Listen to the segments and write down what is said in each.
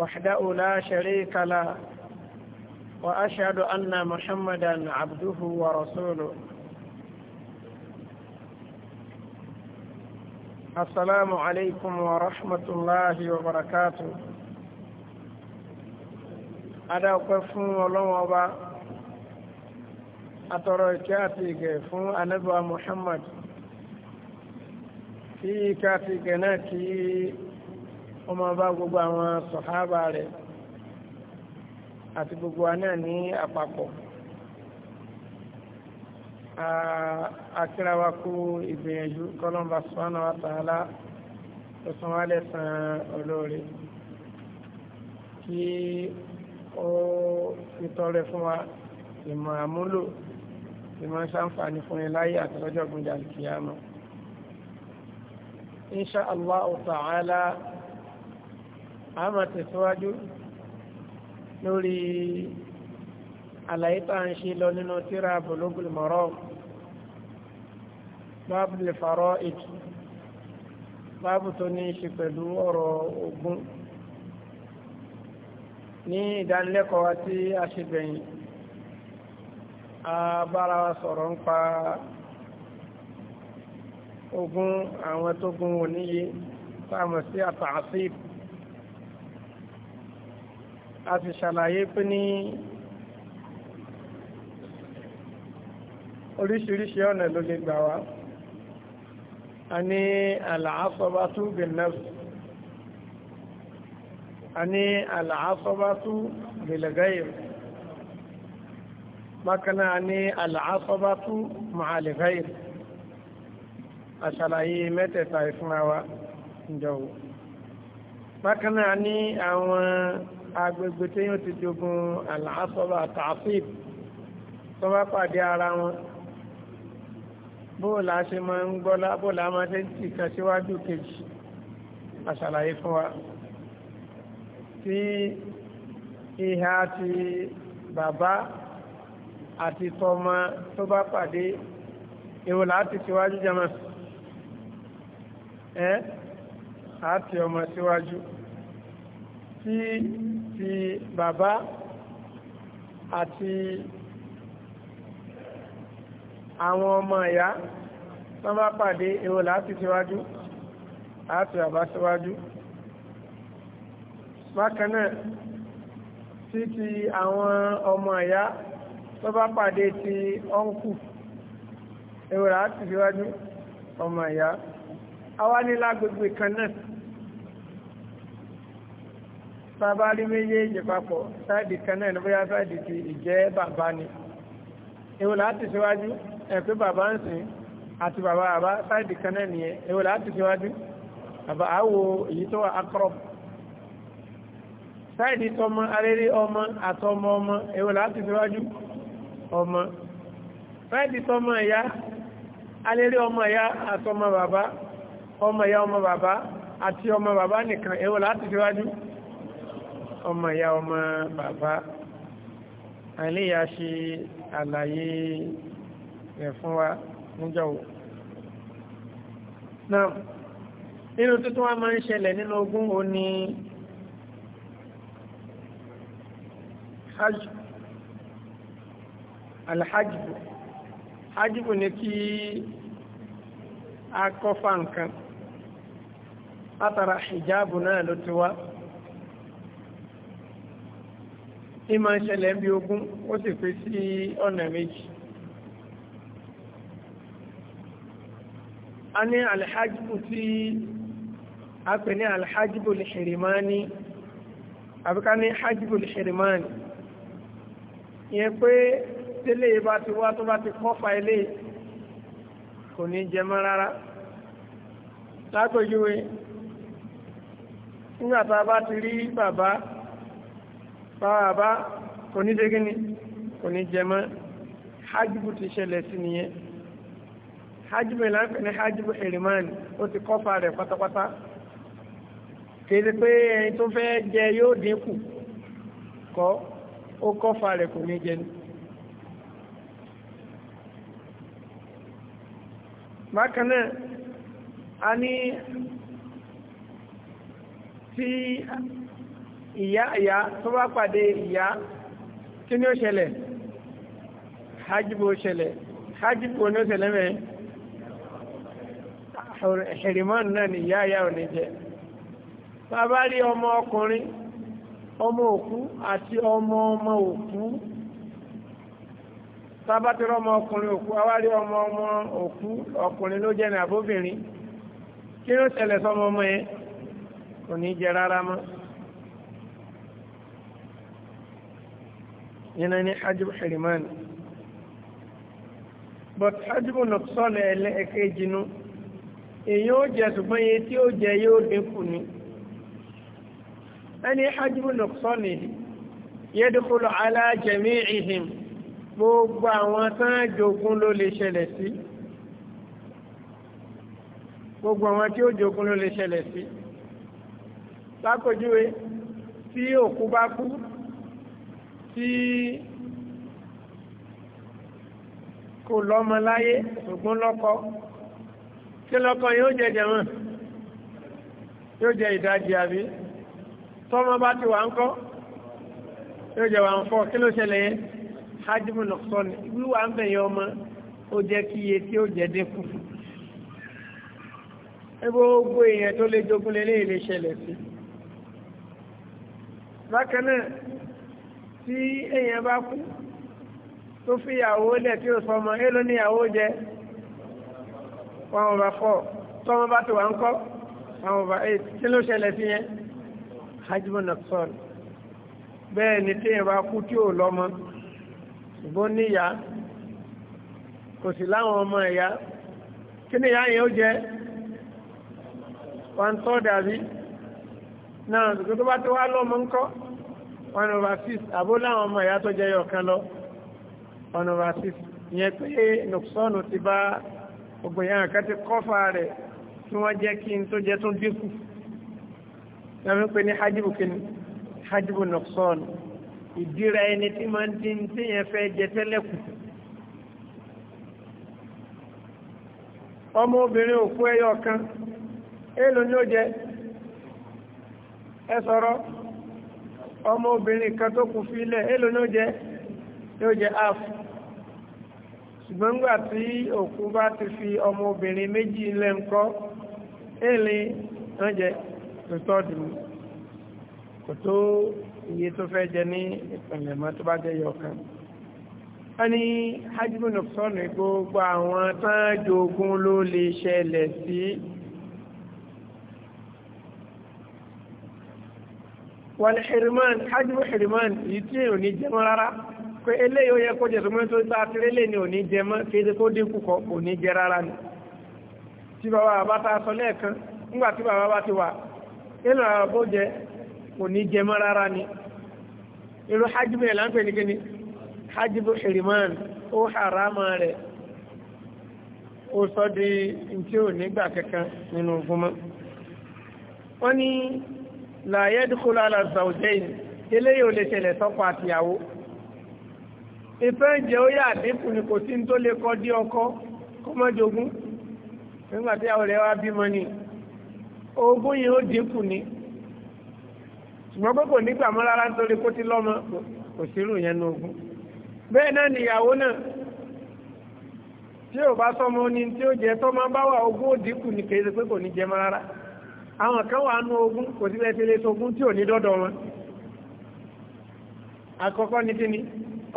وحده لا شريك له وأشهد أن محمدا عبده ورسوله السلام عليكم ورحمة الله وبركاته ada ọpẹ́ fún Ọlọ́run ọba atọrọ ìkẹ́ àti ìgẹ̀ fún anábíwá Muhammad kí ìkẹ́ àti ìgẹ̀ náà kí ó máa bá gbogbo àwọn sọ̀hábà rẹ̀ àti gbogbo wa náà ní àpapọ̀ akírawa kú ìgbìyànjú kọlọ́mbà sọ́nà wa tààlà tó san wá lẹ́sàn olóore kí ó fi tọrẹ fún wa ìmọ̀ àmúlò ìmọ̀ ṣàǹfààní fún iláyé àtọ́jọ́ gbọ́dọ̀ àlùkìyàmọ́. inṣà allah ta'ala a máa tẹ̀síwájú lórí àlàyé tá à ń ṣe lọ nínú tíra Bulugul Maram Babul Fara'id báàbù tó ní í ṣe pẹ̀lú ọ̀rọ̀ ogún ní ìdánilẹ́kọ̀ọ́ wa tí a bára sọ̀rọ̀ ń pa ogún àwọn tó gun òníye tá a sí àtàásíìpù a sì ṣàlàyé pé ní oríṣiríṣi ọ̀nà ló lè gbà wá a ní al-asabatu bin-nafs a ní al-asabatu bil-ghayr bákaná a ní al-asabatu maal a ṣàlàyé mẹ́tẹ̀ẹ̀ta ìfúnra wa ìjọwọ́ bákaná a ní àwọn agbègbè tí yóò ti jogun àlàásọ́bà tààfíìb tó bá pàdé ara wọn bóòlà ṣe máa ń gbọ́lá bóòlà máa ṣe ń tì kan síwájú kejì àṣàlàyé fún wa tí ìhà ti bàbá àti tọmọ tó bá pàdé èwo láti síwájú jama ẹ́ àti ọmọ síwájú tí ti bàbá àti àwọn ọmọ ìyá tán bá pàdé èwo láti síwájú àti bàbá síwájú bákanáà tí ti àwọn ọmọ ìyá tó bá pàdé ti ọ́nkù èwo láti síwájú ọmọ ìyá a wá ní lágbègbè kan náà bàbá rí méjèèjì papọ̀ sáìdì kan náà ní bóyá sáìdì ti ìjẹ́ bàbá ni èwo láti síwájú ẹ̀pẹ́ bàbá ń sìn àti bàbá bàbá sáìdì kan náà nìyẹn èwo láti síwájú bàbá àwò èyí tó wà akọ́rọ̀ sáìdì tọmọ arẹ́rí ọmọ àtọmọ ọmọ èwo láti síwájú ọmọ sáìdì tọmọ ẹ̀yà alẹ́rí ọmọ ẹ̀yà àtọmọ bàbá ọmọ ẹ̀yà ọmọ bàbá àti ọmọ bàbá nìkan èwo láti síwájú ọmọ ìyá ọmọ bàbá àìlèyà ṣe àlàyé rẹ̀ fún wa níjọ́wọ́ náà nínú tuntun wa máa ń ṣẹlẹ̀ nínú ogún o ní alhajibu hajibu ni kí a kọfà nǹkan látara hijabu náà ló ti wá. ìmọ̀ ìṣẹ̀lẹ̀ bí ogún ó sì pín sí ọ̀nà méjì a ní alhajibu tí a pè ní alhajibu lèṣèrìmáni àbíká ní hajibu lèṣèrìmáni ìyẹn pé tẹ́lẹ̀ bá ti wá tó bá ti kọ́fà ilé kò ní jẹmọ́ rárá lápèjúwe nígbàtà bá ti rí bàbá bàbá kò ní dégé ni kò ní jẹmọ́ hajjibu ti ṣẹlẹ̀ sí nìyẹn hajjibu ìlànà ní hajjibu ìrìmán ó ti kọ́fà rẹ̀ pátápátá kèdè pé ẹni tó fẹ́ jẹ yóò dínkù kọ́ ó kọ́fà rẹ̀ kò ní jẹ ni bákan a ní tí ìyá ìyá tó bá pàdé ìyá kí ni ó ṣẹlẹ̀ hajjibo ṣẹlẹ̀ hajjibo ní ó ṣẹlẹ̀ mẹ́ ṣẹ̀rìmọ́n náà ni ìyá ìyá ò ní jẹ bàbá rí ọmọ ọkùnrin ọmọ òkú àti ọmọ ọmọ òkú sábátìrọ ọmọ ọkùnrin òkú awárí ọmọ ọmọ òkú ọkùnrin ló jẹ́ ní àbóbìnrin kí ló ṣẹlẹ̀ sọmọ ọmọ yẹn kò ní jẹ rárá mọ́ yana ní hajjibu hirimani but hajjibu nuqsan ẹlẹ́ẹ̀kẹ́ jinú èyàn ó jẹ ṣùgbọ́n iye tí ó jẹ yóò dínkù ni ẹni hajjibu nuqsan ni yadkhulu ala jami'ihim gbogbo àwọn tán jogun ló lè ṣẹlẹ̀ sí gbogbo àwọn tí ó jogun ló lè ṣẹlẹ̀ sí lákòjúwe tí òkú bá kú tí kò lọ́mọ láyé ṣùgbọ́n lọ́kọ tí lọ́kọ yóò jẹ jẹ̀mọ́ yóò jẹ ìdajì àbí tọ́mọ bá ti wà ń kọ́ yóò jẹ wà ń fọ́ kí ló ṣẹlẹ̀ yẹn hajjimu nọ̀sọ́ ni wíwà ń bẹ̀yẹ ọmọ ó jẹ́ kí iye tí ó jẹ dínkù gbogbo èèyàn tó lè jogún lélẹ́yìn lè ṣẹlẹ̀ sí bákan náà tí èèyàn bá kú tó fi ìyàwó lẹ̀ tí ó sọmọ èló ní ìyàwó jẹ wọn bá fọ tọmọ bá tó wà ń kọ àwọn bá eight kí ló ṣẹlẹ̀ sí yẹn hajjibon naxon bẹ́ẹ̀ ni téèyàn bá kú tí ò lọ́mọ ṣùgbọ́n níyà kò sí láwọn ọmọ ẹ̀yà kí ni ìyá yẹn ó jẹ wọn tọ́ dàbí náà tó bá tó wá lọ́mọ ńkọ́. one over six àbó láwọn ọmọ ìyá tó jẹyọ kan lọ one over six pé nùsọ́nù ti bá gbogbo ti kọ́fà rẹ̀ tí wọ́n jẹ́ kí n tó jẹ́ tó dínkù lọ́wọ́ pé ní kí ni hajibu nùsọ́nù ìdíra ẹni tí máa ń dín tí yẹn fẹ́ jẹ ọmọ obìnrin òkú ẹyọ kan èèlò ni ó jẹ ẹ ọmọ obìnrin kan tó kù fílẹ̀ èlò ní ó jẹ́ yóò jẹ́ half ṣùgbọ́n nígbà tí òkú bá ti fi ọmọ obìnrin méjì lẹ́ ńkọ́ èlé wọ́n jẹ́ tòtọ́ọ̀dù kò tó iye tó fẹ́ jẹ ní ìpìlẹ̀ mọ́ tó bá jẹ́ yọkan wọ́n ní hajjibu nufsọ́nù gbogbo àwọn tán jogun ló lè ṣẹlẹ̀ sí. Si wàlẹ̀ hìrìmán hajjú hìrìmán yìí tí ò ní jẹmọ́ rárá pé eléyìí ó yẹ kó jẹ̀sùn mọ́ tó ń tàà tíré lè ní ò ní jẹmọ́ kéde kó dínkù kọ ò ní jẹ rárá ni tí bàbá bá ta sọ lẹ́ẹ̀kan nígbà tí bàbá bá ti wà nínú àwọn bó jẹ kò ní jẹmọ́ ni irú hajjú bẹ́ẹ̀ là ń pè ní kíni hajjú hìrìmán ó hàrámà rẹ̀ di ntí ò nígbà kankan nínú ogun mọ́ láyé dúkúlá lọ zàwùjẹ́yìn eléyìí ò lè ṣẹlẹ̀ sọ́kọ àtìyàwó ìfẹ́ ìjẹ́ ó yà dínkù ni kò sí tó lè kọ́ dí ọkọ kó má jogún nígbà àwọn rẹ̀ wá bímọ ni ogún yìí ó dínkù ni ṣùgbọ́n pé kò nígbà mọ́ rárá nítorí kó ti lọ́mọ kò sírù yẹn ní ogún bẹ́ẹ̀ náà nìyàwó náà tí ò bá sọmọ ni tí ó jẹ tọ́mọ bá wà ogún ó dínkù ni kì kò ní jẹ mọ́ rárá àwọn kan wà nú ogún kò sí lẹ́tẹ̀lẹ́ ogún tí ò ní dọ́dọ̀ wọn àkọ́kọ́ ní kíni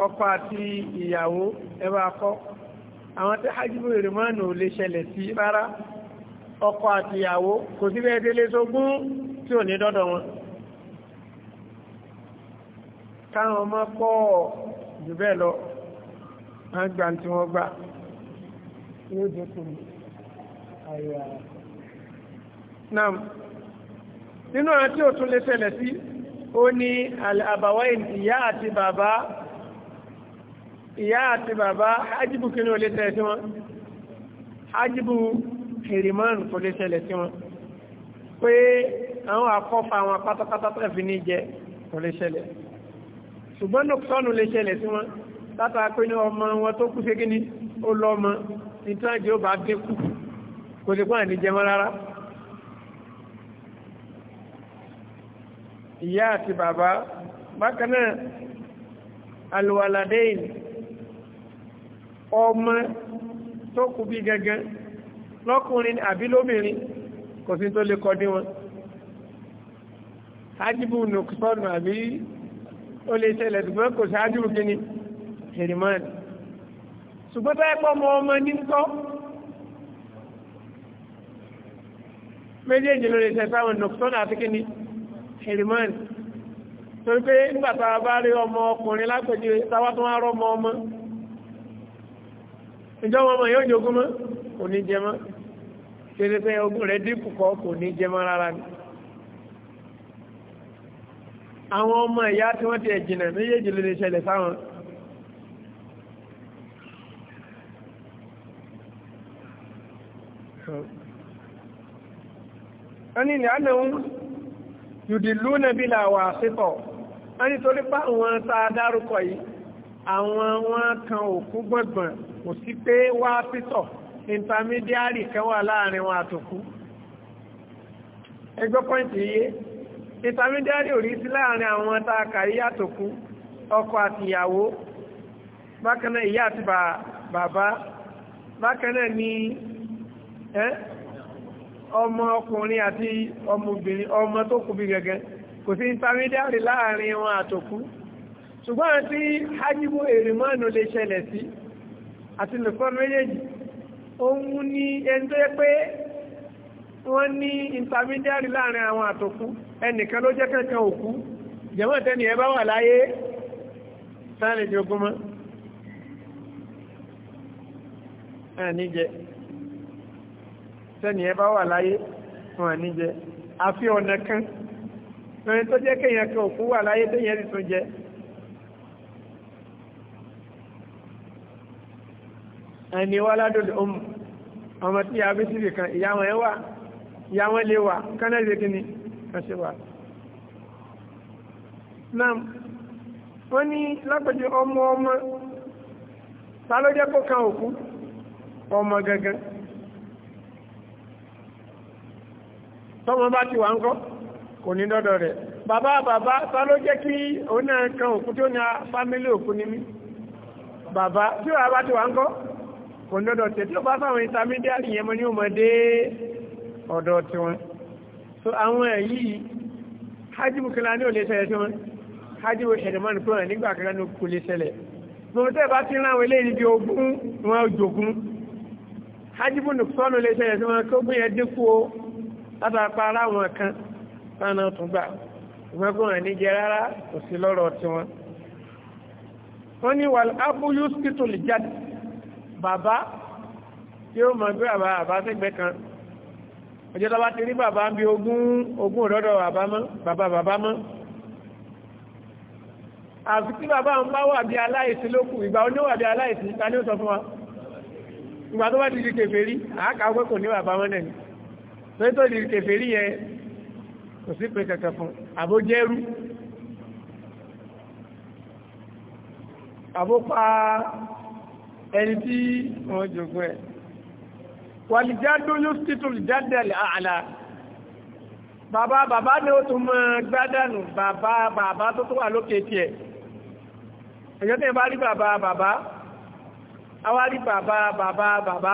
ọkọ àti ìyàwó ẹwà akọ́ àwọn tí hajjibu ìrìmọ́nù ò lè ṣẹlẹ̀ sí rárá ọkọ àti ìyàwó kò sí lẹ́tẹ̀lẹ́ ogún tí ò ní dọ́dọ̀ wọn káwọn ọmọ pọ̀ jù bẹ́ẹ̀ lọ wọ́n gbà tí wọ́n gbà yóò jẹ́ kùnú àyà nam nínú àwọn tí ó tún lè ṣẹlẹ̀ sí ó ní àbàwá ìyá àti bàbá ìyá àti bàbá ájíbù kí ní ó lè ṣẹlẹ̀ sí wọn ájíbù kìrìmọ́nù kò lè ṣẹlẹ̀ sí wọn pé àwọn àkọ́fà àwọn pátápátá tẹ̀fì ní jẹ kò lè ṣẹlẹ̀ ṣùgbọ́n nọ́kùsọ́nù lè ṣẹlẹ̀ sí wọn látara pé ní ọmọ wọn tó kú ṣe kí ni ó lọ́mọ nítorí àjẹ́ ó bá dínkù kò lè pọ́n àníjẹmọ́ rárá. ìyá àti bàbá bákan náà alùwàlàdéyìn ọmọ tó kú bí gẹ́gẹ́ lọ́kùnrin àbí lóbìnrin kò sí tó lè kọdí wọn ájíbù nùkúsọ́nù àbí ó lè ṣẹlẹ̀ ṣùgbọ́n kò sí ájíbù kíní hèrìmọ́nì ṣùgbọ́n tó ẹ̀pọ̀ ọmọ ọmọ ní tọ́ méjèèjì ló lè sáwọn nùkúsọ́nù àti kíní ẹ̀rìmọ́ọ̀nì torí pé nígbà tá a bá rí ọmọ ọkùnrin lápẹ̀jù táwa tó wá rọ́mọ ọmọ ìjọ ọmọ yóò jogún mọ́ kò ní jẹ mọ́ ṣeré pé ogún rẹ̀ dínkù kọ́ kò ní rárá àwọn ọmọ ìyá tí wọ́n ti yùdìlúnà bí làwà sípọ̀ wọ́n ní torí pá àwọn ta dárúkọ yìí àwọn wọn kan òkú gbọ̀ngbọ̀n kò sí pé wá sípọ̀ intermediary kan wà láàrin wọn àtòkú ẹgbẹ́ pọ́ǹtì yìí intermediary ò rí sí láàrin àwọn ta kàrí àtòkú ọkọ àti ìyàwó bákan ìyá àti bàbá bákan náà ni ẹ́ ọmọ ọkùnrin àti ọmọbìnrin ọmọ tó kù bí gẹ́gẹ́ kò sí intermediary láàrin wọn àtòkú ṣùgbọ́n tí hajjibu èrìmọ́nù lè ṣẹlẹ̀ sí àti lùkọ́n méjèèjì ohun ni ẹni tó yẹ pé wọ́n ní intermediary láàrin àwọn àtòkú ẹnìkan ló jẹ́ kankan òkú jẹ́mọ́ tẹ́ni ẹ bá wà láyé fún àní jẹ àfi ọ̀nà kan ẹni tó jẹ́ kéèyàn kan òkú wà láyé téèyàn sì tún jẹ ẹni wá ládòdò ọmọ ọmọ tí a bí síbì kan ìyá wọn ẹ lè wà kánẹ́ kí ni kan ṣe wà. nam wọ́n ní lápẹ̀jù ọmọ ọmọ ta ló jẹ́ kó kan òkú ọmọ gangan. tọ́mọ bá ti wà ń kọ́ kò ní dọ́dọ̀ rẹ̀ bàbá bàbá ta ló jẹ́ kí òun náà kan òkú tó ní fámílì òkú ní mí bàbá tí ó bá ti wà ń kọ́ kò ní dọ́dọ̀ tẹ̀ tí ó bá fáwọn intermediate yẹn mọ́ ní ọmọdé ọ̀dọ̀ tí wọn so àwọn èyí hajjibu kí lè ṣẹlẹ̀ tí wọn hajjibu ẹ̀dẹ̀mọ́nù kúrò rẹ̀ látàpá aláwọn kan lánàá tún gbà ìmọ̀gbọ́n àní jẹ rárá kò sí lọ́rọ̀ tiwọn. wọ́n ní wàl abúlú spitol jáde bàbá tí ó mọ̀ pé bàbá bàbá sẹ́gbẹ́ kan ọjọ́ tó bá ti rí bàbá bí ogún ogún bàbá bàbá mọ́ àfi tí bàbá ń bá wà bí aláìsí lókù ìgbà ó ní bí aláìsí ta ni ó sọ fún wa ìgbà tó bá ti di kèfèrí àákà kò ní bàbá mọ́ nẹ̀ni tọ́jọ́ di kèfèrí yẹn kò sí pé kankan fún àbójẹ́rú àbópa ẹni tí wọ́n jogún ẹ̀ wàlìjádó yóò títò lìjádẹ̀lẹ̀ àlà bàbá bàbá ní ó tún mọ́ gbádànù bàbá bàbá tó tó wà lókè tí ẹ̀ ẹ̀yọ́ tẹ́ bá rí bàbá bàbá awárí bàbá bàbá bàbá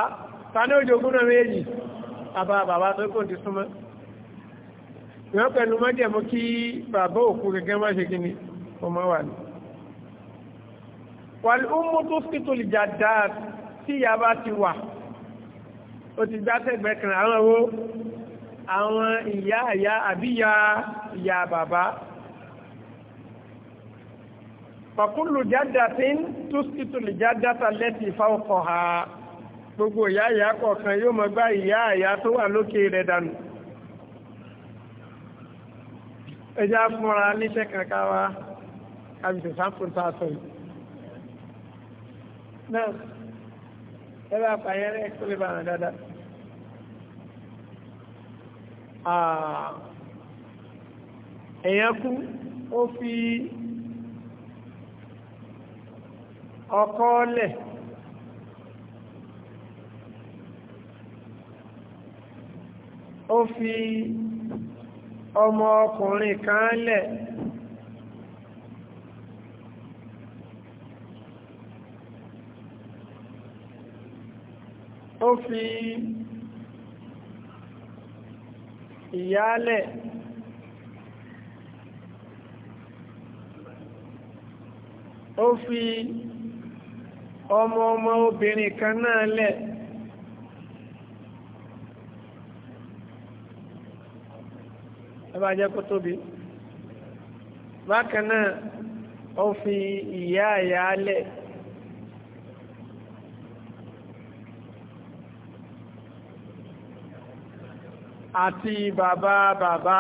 ta ní ó jogún náà bàbá bàbá tó kò ti súnmọ́ ìwọ́n pẹ̀lú mọ́jẹ̀mú kí bàbá òkú gẹ́gẹ́ má ṣe kíni ọmọ wà ní. wàlú ọmọ tó fi tó lè jà dáa tí ìyá bá ti wà ó ti dásẹ̀gbẹ́ kan àwọn owó àwọn ìyá ìyá àbíyá ìyá bàbá fàkúlù jáde àti tó sì tó lè jáde àtàlẹ́tì fáwọn gbogbo ìyá ìyá kọ̀ọ̀kan yóò mọ̀ gbá ìyá ìyá tó wà lókè rẹ̀ dànù ẹjá fúnra níṣẹ́ kankan wá kábíyèsí sáfún tá a sọ yìí náà ẹ bá kó lè bá dáadáa èèyàn kú ó fi ọkọ́ lẹ̀ ó fi ọmọ ọkùnrin kan lẹ̀ ó fi ìyálẹ̀ ó fi ọmọ ọmọ obìnrin kan náà lẹ̀ bá jẹ́ kó tóbi bákan náà ó fi ìyá àyà lẹ̀ àti bàbá bàbá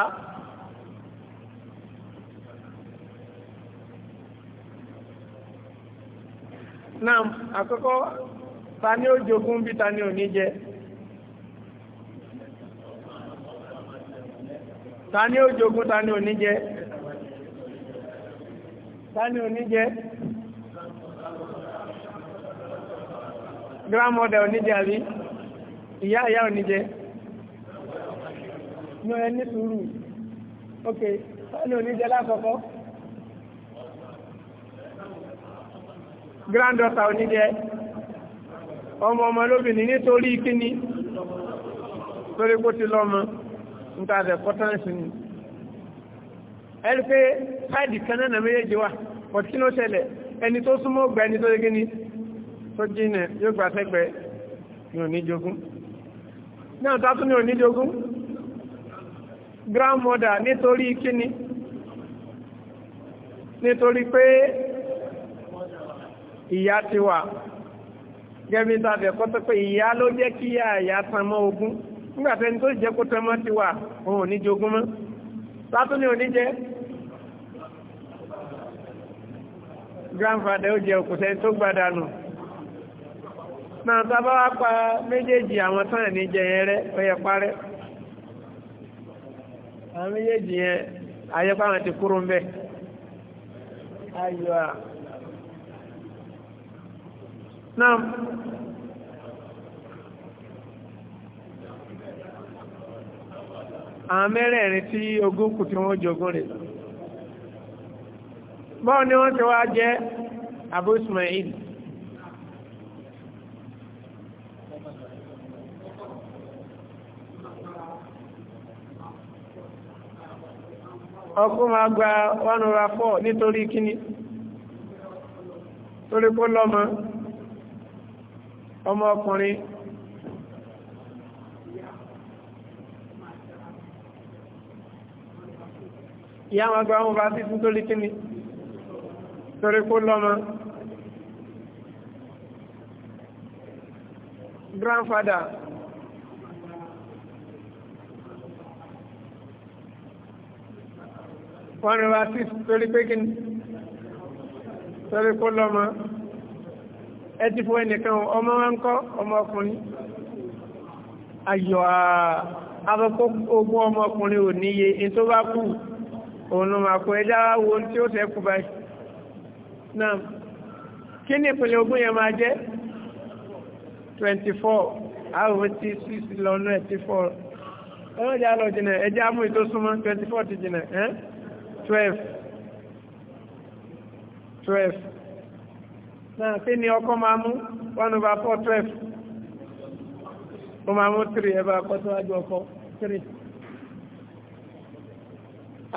náà àkọ́kọ́ ta ni ó jogún bí ta ni ò ní jẹ ta ni ó jogún ta ni oníjẹ ta ni oníjẹ grandmother oníjẹ àbí ìyá ìyá oníjẹ ní ẹ ní sùúrù ok ta ni oníjẹ lákọ̀ọ́kọ́ granddaughter oníjẹ ọmọ ọmọ lóbìnrin nítorí kíni torí kó ti lọ́mọ nǹkan àti ẹ̀kọ́ tán sí ni ẹni pé káàdì kan náà méjèèjì wà pọ̀ kí ló ṣẹlẹ̀ ẹni tó súnmọ́ gba ẹni tó lé gíní tó jìnà yóò gbà sẹ́gbẹ́ ní oníjogún náà tó tún ní oníjogún grandmother nítorí kíni nítorí pé ìyá ti wà gẹ́gẹ́ bí ta bẹ̀ pé ìyá ló jẹ́ kí ìyá ìyá tan mọ́ ogún nígbà tẹni tó jẹ́ kó tán mọ́ ti wà òun ò mọ́ látún ní oníjẹ́ grandfather ó jẹ òkùtẹ́ tó gbádànù náà sábà wá pa méjèèjì àwọn tán ní jẹ yẹn rẹ ó yẹ parẹ́ àwọn méjèèjì yẹn àyẹ̀pá àwọn ti kúrò ń bẹ̀ à náà A tí ogún kù tí wọ́n ni wọ́n ti wá jẹ́ Abu Ismail ọkùn máa gba 104 nítorí kíní torí kó lọ́mọ ọmọ ọkùnrin ìyá wọn gba wọn bá sí fún tó lè kíni torí kó lọ́mọ grandfather wọ́n rẹ̀ wá sí torí pé kí torí kó lọ́mọ ẹ ti fún ẹnìkan ọmọ wọn kọ́ ọmọ ọkùnrin ayọ̀ àbọ̀kọ́ ogún ọmọ ọkùnrin ò níye ní tó bá kú òun máa kún ẹjá wo tí ó sẹ́kù báyìí náà kí ni ìpìlẹ̀ ogún yẹn máa jẹ́ 24 àwọn tí 6 lọ náà 24 ẹ̀rọ ìjà lọ jìnà ẹjá mú ìtó súnmọ́ 24 ti jìnà ẹ́ 12 12 náà kí ni ọkọ máa mú 1 over 4 12 ó máa mú 3 ẹ̀bà akọ́tọ́ àjọ ọkọ 3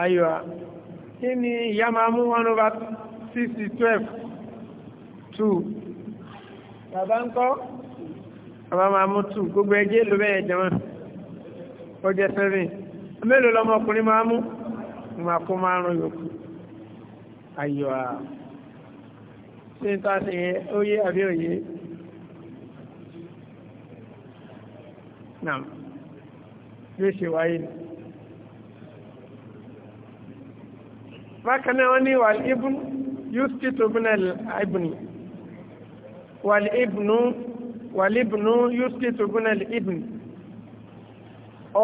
ayọ̀wà kí ni ìyá máa mú 1 over 6 12 2 bàbá ń kọ́ bàbá máa mú 2 gbogbo ẹjẹ́ ló bẹ́ẹ̀ jẹmọ́ ó jẹ́ 7 mélòó lọmọkùnrin máa mú ìmọ̀ kó márùn-ún yòókù ayọ̀wà tí ń ta sí oyé bákan náà wọ́n ní wàl ibùn yusufi tobinel ibùn wàl ibùnú wàl ibùnú yusufi tobinel ibùn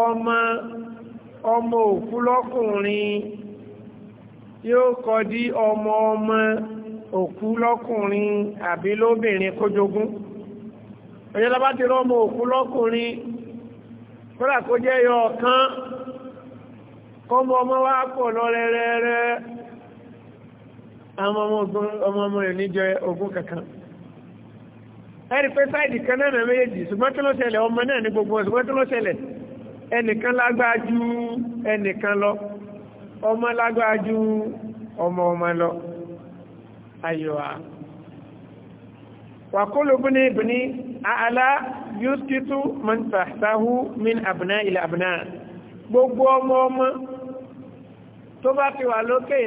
ọmọ ọmọ òkú lọ́kùnrin yóò kọ dí ọmọ ọmọ òkú lọ́kùnrin àbí lóbìnrin kójogún ọjọ́ lábá ti rọ́mọ òkú lọ́kùnrin kódà kó jẹ́ yọ ọ̀kan kọmọ ọmọ wá pọ̀ lọ rẹ́rẹ́rẹ́ àwọn ọmọ ọmọ rẹ̀ níjọ ogún kankan ẹ̀rì pé sáìdì kan náà méjèèjì ṣùgbọ́n tó ló ṣẹlẹ̀ ọmọ náà ní gbogbo ṣùgbọ́n tó ló ṣẹlẹ̀ ẹnìkan lágbára ju ẹnìkan lọ ọmọ lágbára ju ọmọ ọmọ lọ ayọ̀wà wàkúlù bíní bíní àlá yóò kìtù mọ́ntàtàhù min àbùná ilẹ̀ àbùná gbogbo ọmọ ọmọ tó bá ti wà lókè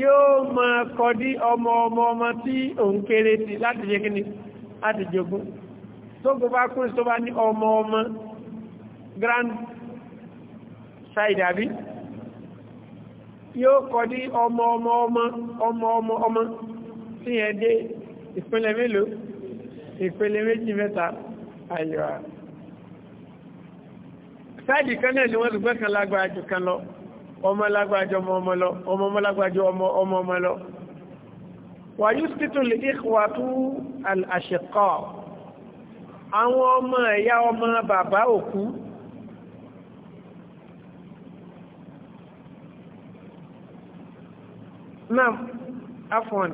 yóò máa kọdí ọmọ ọmọ ọmọ tí òun kéré sí láti jẹ́ kíní láti jogún tó gbọ́ bá kún tó bá ní ọmọ ọmọ grand side àbí yóò kọdí ọmọ ọmọ ọmọ ọmọ ọmọ ọmọ tí ẹ dé ìpínlẹ̀ mélòó ìpínlẹ̀ méjì mẹ́ta ayọ̀ sáàdì kan náà ni wọ́n ti gbẹ́kan lágbára jù kan lọ ọmọlágbájọ ọmọ ọmọ lọ ọmọ ọmọlágbájọ ọmọ ọmọ ọmọ lọ wà yóò sítò lè ìkwà tó àṣẹkọ́ àwọn ọmọ ẹ̀yà ọmọ bàbá òkú náà afọ́n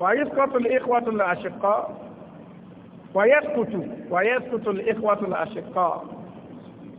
wà yóò sítò lè ìkwà tó àṣẹkọ́ wà yẹ́ sùtù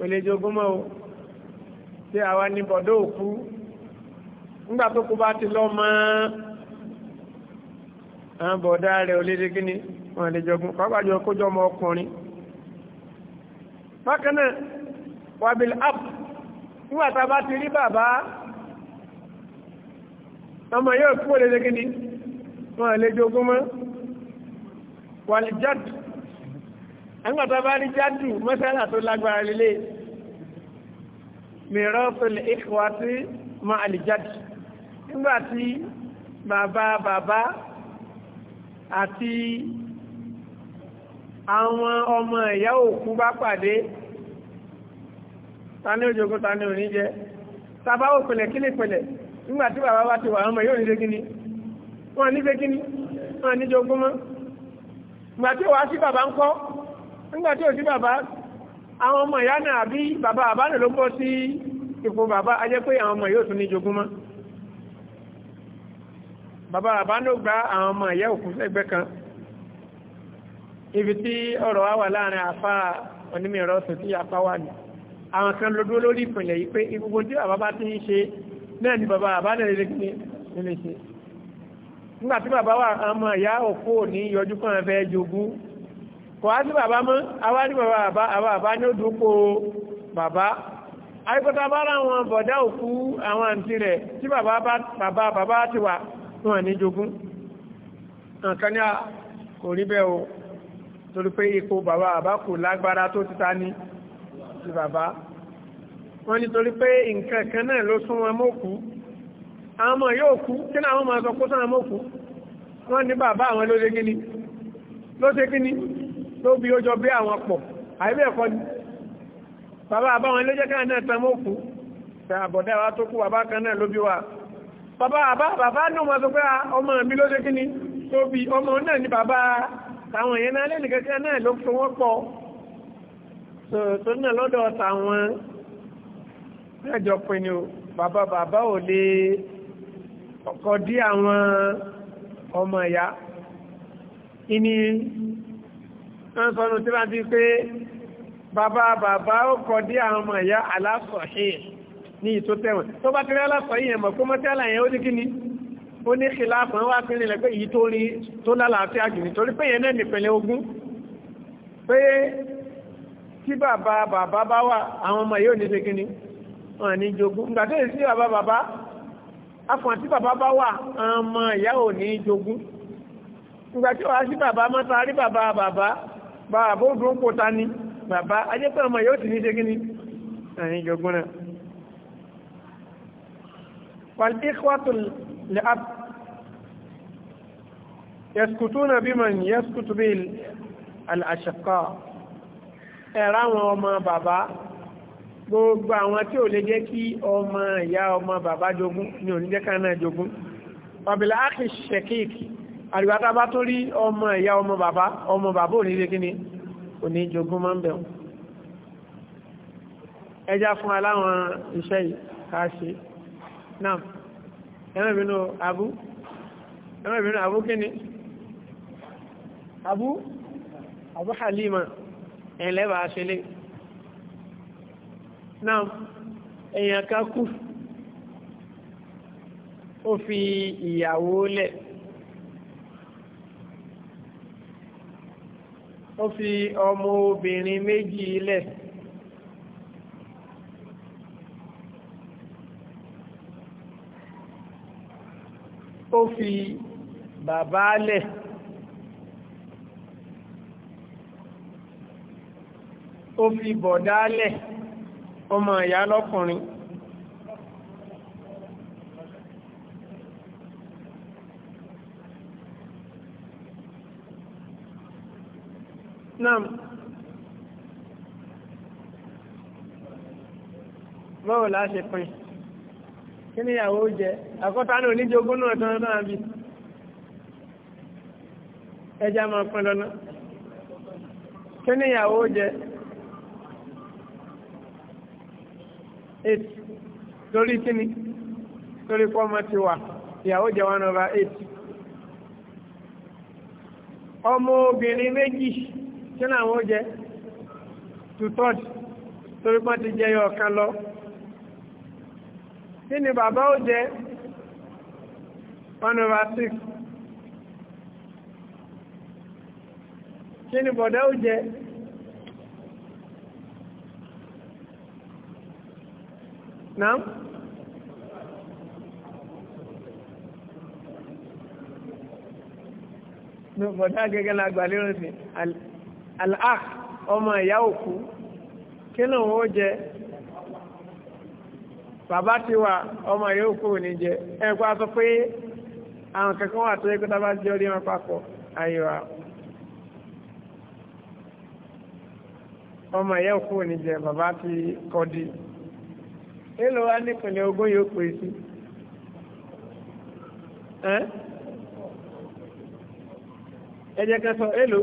kò lè jogún mọ́ o tí àwa ní bọ̀dọ̀ òkú nígbà tó kú bá ti lọ mọ́ àwọn bọ̀dá rẹ̀ ò lè ṣe kí ni wọ́n lè jogún pàápàájọ ọmọ ọkùnrin bákan náà wàbíl app nígbà tá a bá ti rí bàbá ọmọ yóò kú ò lè ṣe kí ni wọ́n mọ́ wàlìjáde ẹgbàtà bá rí jádù mọ́sálà tó lágbára lélẹ̀ mìíràn pẹ̀lú ìkọwà sí ma àlìjádù nígbàtí bàbá bàbá àti àwọn ọmọ ìyá òkú bá pàdé ta ní òjòkó ta ní òní jẹ tàbá òpìlẹ̀ kí lè pẹ̀lẹ̀ nígbàtí bàbá bá ti wà ọmọ yóò ní ṣe kíní wọ́n ní ṣe kíní wọ́n ní jogún mọ́ nígbàtí wàá sí bàbá ń kọ́ nígbà tí ò sí bàbá àwọn ọmọ ìyá náà àbí bàbá àbánà ló bọ́ sí ipò bàbá a jẹ́ pé àwọn ọmọ yóò tún ní jogún mọ́ bàbá àbánà gba àwọn ọmọ ìyá òkú sẹ́gbẹ́ kan ibi tí ọ̀rọ̀ wá wà láàrin àfá onímọ̀ ọ̀sùn tí àfá wà ní àwọn kan ló dúró lórí ìpìnlẹ̀ yìí pé gbogbo tí bàbá bá ti ń ṣe náà ni bàbá àbánà lè nílé ṣe nígbà tí bàbá wà àwọn ọmọ ìyá òkú ò ní yọjú kan fẹ́ jogún kò á sí bàbá mọ́ àwa ní bàbá àbá àwa àbá ní ó dúpò bàbá àríkọta bá láwọn bọ̀dá òkú àwọn àǹtí rẹ̀ tí bàbá bàbá ti wà wọn ní jogún nǹkan ní kò rí bẹ́ẹ̀ o torí pé ipò bàbá àbá kò lágbára tó títa ní ti bàbá wọ́n ní torí pé nǹkan náà ló sún wọn mọ́kú àwọn ọmọ yóò kú kí náà wọ́n máa sọ kó sọ́nà mọ́kú wọ́n ní bàbá àwọn ló ṣe kíní ló ṣe kíní tó bí ó jọ bí àwọn pọ̀ àìbẹ̀ ẹ̀kọ́ ni bàbá àbáwọn ilé jẹ́kẹ́ náà tán mọ́ kú tẹ àbọ̀dá wa tó kú bàbá kan náà ló bí wa bàbá bàbá bàbá náà mọ́ sọ pé ah, ọmọ mi ló ṣe ni tó bí ọmọ náà ni bàbá táwọn èèyàn náà lẹ́nu kẹ́kẹ́ náà ló fi wọ́n pọ̀ tó náà lọ́dọ̀ táwọn mẹ́jọ pinnu bàbá bàbá ò lè ọkọ̀ dí àwọn ọmọ ìyá ìní wọ́n sọ nù tí wọ́n ti pé bàbá bàbá ó kọ dí àwọn ọmọ ẹ̀yà aláṣọ̀ṣẹ́ ní ìtò tẹ́wọ̀n tó bá tẹ́lẹ̀ aláṣọ̀yìn ẹ̀mọ̀ kó mọ́ tẹ́lẹ̀ yẹn ó ní kíni ó ní kìlá kan wá sí nílẹ̀ pé èyí tó rí tó lálàáfíà jù nítorí pé yẹn náà nípìnlẹ̀ ogun pé tí bàbá bàbá bá wà àwọn ọmọ yóò ní ṣe kíni wọn ní jogún nígbà tó sí bàbá bàbá afọ̀n tí bàbá bá wà àwọn ọmọ ìyá ò ní jogún nígbà tí wàá sí bàbá mọ́ta rí bàbá bàbá bàbá ó dùn pòta ní bàbá ajẹ́pẹ́ ọmọ yóò ti ní ṣe gíní ẹ̀yìn jọgbọ́n náà wàlíkwàtò lẹ́ab yẹskùtúnà bí mọ̀ yẹskùtù bí al'ashakọ́ ẹ̀rá àwọn ọmọ bàbá gbogbo àwọn tí ò lè jẹ́ kí ọmọ ìyá ọmọ bàbá jogún ní oníjẹ́ká náà jogún ọ̀bìlá ákì ṣẹ̀kíkì àríwátá bá tó rí ọmọ ìyá ọmọ bàbá ọmọ bàbá ò ní lé kíní ò ní jogún máa ń bẹ̀ ẹjá fún aláwọn iṣẹ́ yìí ká ṣe náà ẹmẹ́bìnú abú ẹmẹ́bìnú abú kíní abú abú halima ẹ̀lẹ́bà ṣẹlẹ̀ náà èèyàn ká kú ó fi ìyàwó lẹ̀ ó fi ọmọ obìnrin méjì ilẹ̀ ó fi bàbá lẹ̀ ó fi bọ̀dá lẹ̀ ọmọ ìyá lọ́kùnrin. نعم báwo la ṣe pin kí ni ìyàwó jẹ àkọ́ta náà oníjẹ ogún náà tán náà bí ẹja máa pin lọ́nà kí ni ìyàwó jẹ eight lórí kíni lórí pọ́mọ ti wà ìyàwó kí ní àwọn oúnjẹ two-third torí pọ́n ti jẹyọ ọ̀kan lọ kí ni bàbá ó jẹ one over six kí ni bọ̀dá ó jẹ náà bọ̀dá gẹ́gẹ́ lágbàlérò sí al-akh ọmọ ìyá òkú kí náà wọ́n jẹ bàbá ti wà ọmọ ìyá òkú ò ní jẹ ẹ̀kọ́ a sọ pé àwọn kankan wà tó yẹ kó tá bá orí wọn papọ̀ àyíwá ọmọ ìyá òkú ò jẹ bàbá ti kọ́ di èlò wa nípìnlẹ̀ ogún yóò pè sí ẹ jẹ́ ká sọ èlò.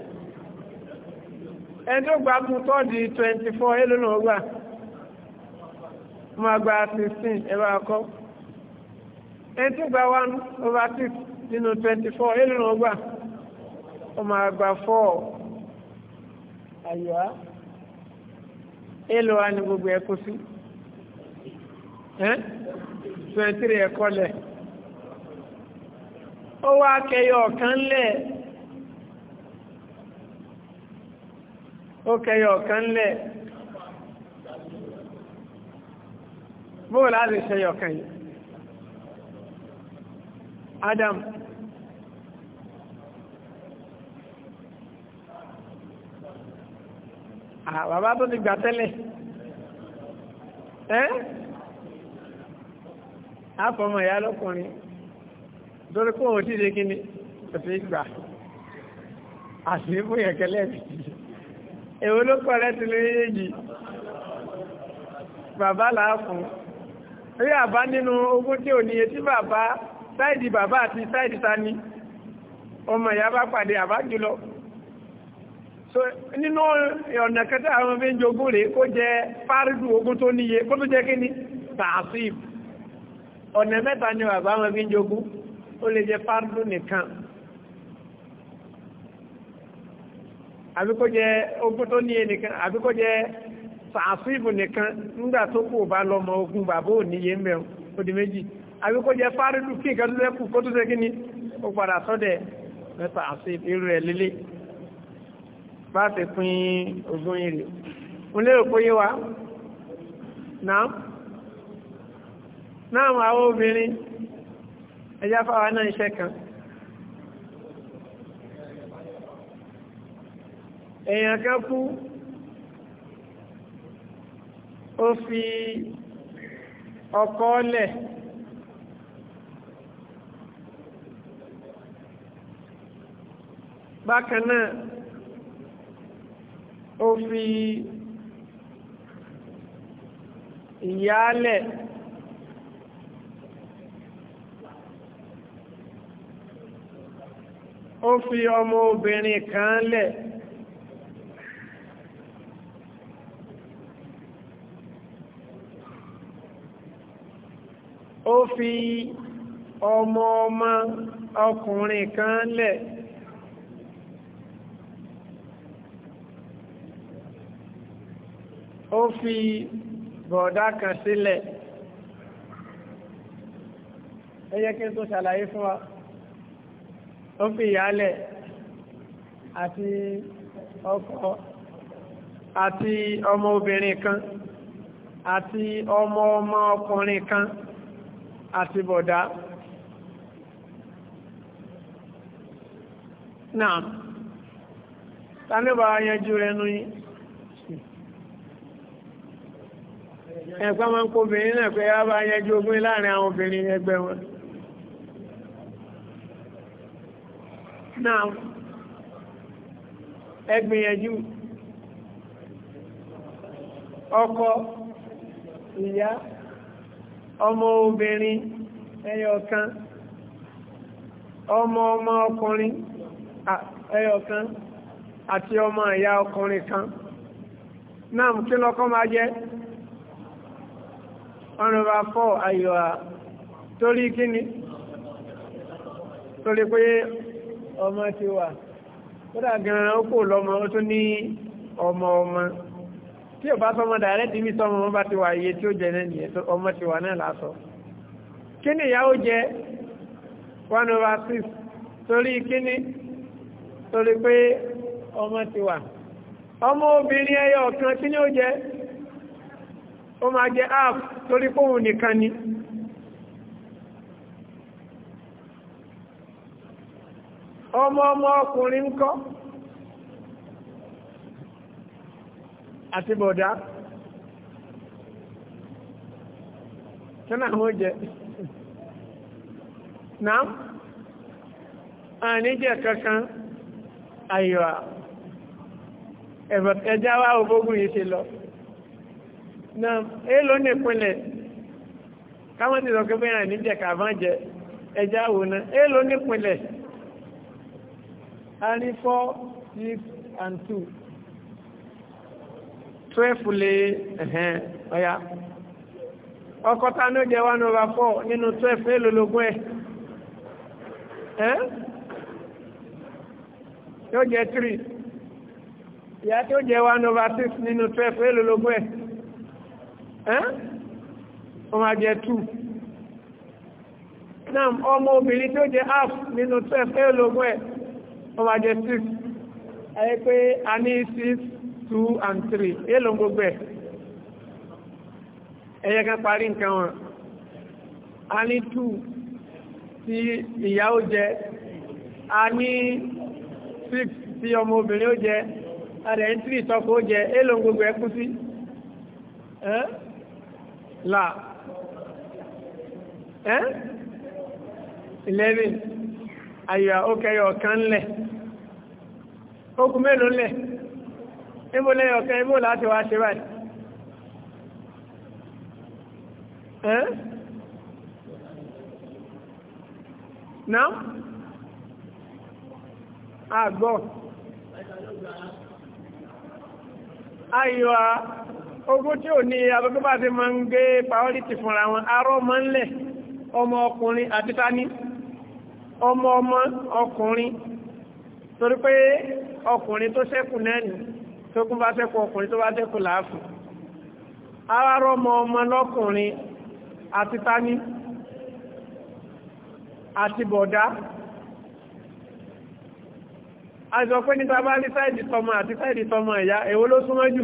ẹni tó gba kún tó di twenty Ọmụ ẹ lónà ebe akọ. gba sixteen ẹ bá ẹni tó gba one over six nínú twenty elu ẹ gbogbo ẹ sí twenty three ẹ lẹ̀ ó wá ó kẹyọ ọ̀kan lẹ̀ bóò láti ṣẹyọ ọ̀kan yìí Adam àbàbá tó ti gbà tẹ́lẹ̀ ẹ́ àfọmọ̀ ìyá lọ́kùnrin torí kó òtí ṣe kí ni òtí gbà àṣírí fún ìyẹ̀kẹ́lẹ́ mi èwo ló kọ̀ rẹ́tì lóyèjì bàbá làákùn orí àbá nínú ogún tí ò níye tí bàbá sáìdì bàbá àti sáìdì tani ọmọ ìyá bá pàdé àbá jùlọ so nínú ọ̀nà kẹta àwọn ọmọ ẹ̀jọ ogún rèé kó jẹ fárídù ogún tó níye kó tó jẹ kí ni tààsíf ọ̀nà mẹ́ta ni bàbá ọmọ ẹ̀jọ ogún ó lè jẹ fárídù nìkan àbíkó jẹ́ ogún tó ní ẹnìkan àbíkó jẹ́ sàásìbù nìkan nígbà tó kù bá lọ́mọ ogún bàbá ò níye mẹ́rin ó di méjì àbíkó jẹ́ fárídù kí nǹkan tó lẹ́kù kó tó ṣe ni ó padà sọ́dẹ̀ mẹ́ta àti irú rẹ̀ lélẹ̀ bá ti pín ogún èrè mo lérò pé yé wa náà náà àwọn obìnrin ẹjá fáwa náà iṣẹ́ kan èèyàn kan kú ó fi ọkọ̀ lẹ̀ bákan náà ó fi ìyálẹ̀ ó fi ọmọ obìnrin kan lẹ̀ ó fi ọmọ ọmọ ọkùnrin kan lẹ̀ ó fi bọ̀ọ̀dá kan sílẹ̀ ẹ yẹ kí n tó ṣàlàyé fún wa ó fi ìyálẹ̀ àti ọkọ àti ọmọ obìnrin kan àti ọmọ ọmọ ọkùnrin kan àti bọ̀dá náà tánibà yanjú rẹ̀ nú yí ẹ̀pá máa ń kó obìnrin náà pé yára bá yanjú ogún láàrin àwọn obìnrin ẹgbẹ́ wọn náà ẹgbìyànjú ọkọ ìyá ọmọ obìnrin ẹyọ ọmọ ọmọ ọkùnrin ẹyọkan àti ọmọ ìyá ọkùnrin kan náà kí lọ́kọ́ máa jẹ́ ọ̀rọ̀bà fọ́ àyọ̀wà torí kíni torí pé ọmọ ti wà kódà gan-an ó kò lọ́mọ ó tún ní ọmọ. ọmọ tí ò bá sọmọ dàrẹ́tì mi sọmọ wọn bá ti wà iye tí ó jẹ náà nìyẹn ọmọ ti wà náà lásọ kí ni ìyàwó jẹ one over six torí kí ni torí pé ọmọ ti wà ọmọ obìnrin ẹyọ kan kí ni ó jẹ ó máa jẹ half torí póun nìkan ni. ọmọ ọmọ ọkùnrin kọ́ àti bọ̀dá tánà àwọn náà àníjẹ kankan àyíwá ẹ̀bọ̀tẹ́já wá ogógún yìí lọ náà èlò nípínlẹ̀ káwọn ti sọ pé bẹ́ẹ̀ àníjẹ kàbájẹ ẹjá wò náà èlò a ní 4 twelve lé ẹ̀hẹ́n ọ̀yá ọkọ̀ ta ní ó jẹ́ one over four nínú twelve mélòlógún ẹ̀ ẹ́ yóò jẹ́ three ìyá tó jẹ́ one over six nínú twelve mélòlógún ẹ̀ ẹ́ ó máa jẹ́ two náà ọmọ obìnrin tó jẹ́ half nínú twelve mélòlógún ẹ̀ ó máa jẹ́ six ẹ̀ pé a ní six two and three èlò ń gbogbo ẹ̀ ẹyẹ kan parí nǹkan wọn a ní two tí ìyàwó jẹ a ní six tí ọmọ obìnrin ó jẹ adẹ̀ ń three tọkọ ó jẹ èlò ń gbogbo ẹ̀ kú sí ẹ́ là ẹ́ eleven àyà ó kẹyọ kan lẹ̀ ó kù mélòó lẹ̀ níbo lẹ́yìn ọ̀kan ibò láti wá ṣe báyìí ẹ́ náà àgbọ̀ ayọ̀ ogún tí ò ní agbẹ́gbẹ́bà ti máa ń gbé pàwọ́lìtì fúnra wọn arọ́ mọ́ ń lẹ̀ ọmọ ọkùnrin àti tání ọmọ ọmọ ọkùnrin torí pé ọkùnrin tó ṣẹ́kù náà tókún bá ọkùnrin tó bá láàfù ọmọ lọ́kùnrin àti tání àti bọ̀dá a sọ pé níta bá rí sáìdì tọmọ àti sáìdì tọmọ ẹ̀yà èwo ló súnmọ́ jù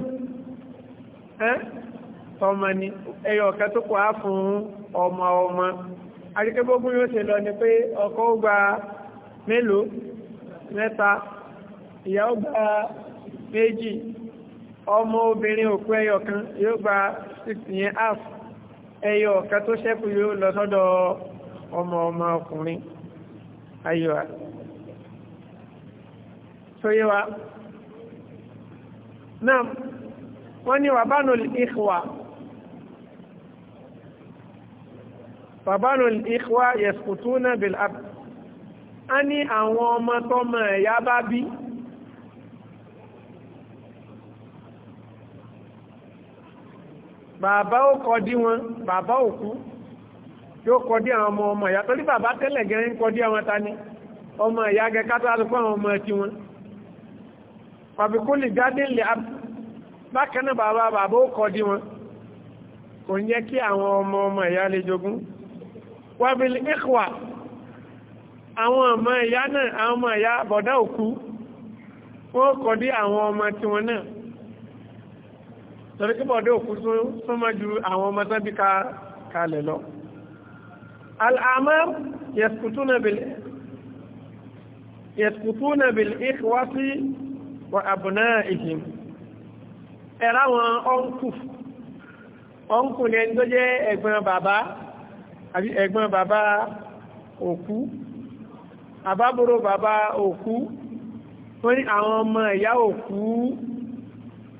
tọmọ ni ẹyọ ọ̀kẹ́ tó kọ́ á fún ọmọ ọmọ àríkẹ́gbógún yóò ṣe lọ ni pé ọkọ ó gba mélòó mẹ́ta ìyá ó gba méjì ọmọ obìnrin òkú ẹyọ yóò gba 16 half ẹyọ tó ṣẹ́kù yóò lọ sọ́dọ̀ ọmọ ọmọ ọkùnrin ayọ̀wà tó yé wa náà wọ́n ní wàbánù ìhùwà wàbánù ìhùwà yẹ̀sùkùtù náà bìlá a ní àwọn ọmọ tọ́mọ ẹ̀yà bá bí bàbá ó kọ dí wọn bàbá òkú yóò kọ dí àwọn ọmọ ọmọ ìyá torí bàbá tẹ́lẹ̀ gẹ́rẹ́ ń kọ dí àwọn tani ọmọ ìyá gẹ kátà ló fún àwọn ọmọ ẹtì wọn pàbíkú lè jáde lè ab bákan náà bàbá bàbá ó kọ wọn kò ń jẹ́ kí àwọn ọmọ ọmọ ìyá lè jogún wàbílì ìkwà àwọn ọmọ ìyá náà àwọn ọmọ ìyá bọ̀dá òkú wọ́n kọ àwọn ọmọ tiwọn náà torí kí bọ̀dé òkú súnmọ́ ju àwọn ọmọ tán bí kalẹ̀ lọ al'amar yẹ̀skùtúnà bil ikhwasi wa àbùná ìhìm ẹ̀rá wọn ọ́nkù ọ́nkù ni ẹni tó jẹ́ ẹ̀gbọ́n bàbá àbí ẹ̀gbọ́n bàbá òkú àbábúrò bàbá òkú wọ́n ní àwọn ọmọ ìyá òkú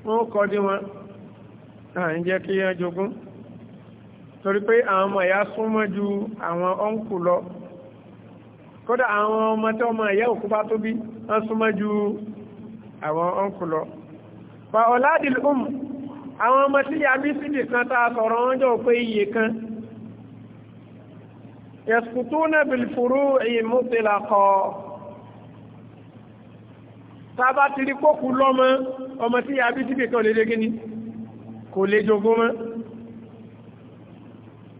wọ́n kọ́ dí wọn àwọn jẹ́ kí wọ́n jogún torí pé àwọn ọmọ ìyá súnmọ́ ju àwọn ọ́nkù lọ kódà àwọn ọmọ tí ọmọ ìyá òkú bá tó bí wọ́n súnmọ́ ju àwọn ọ́nkù lọ pa ọ̀làdìlúm um, àwọn ọmọ tí ya bí sídì kan tá a sọ̀rọ̀ wọn jọ pé iye kan yẹ̀sùkútúnà bìlfùrú ìmútìlà kọ́ tá a bá ti kókù lọ́mọ ọmọ tí ya bí sídì kan lè dé gíní kò lè jogún mọ́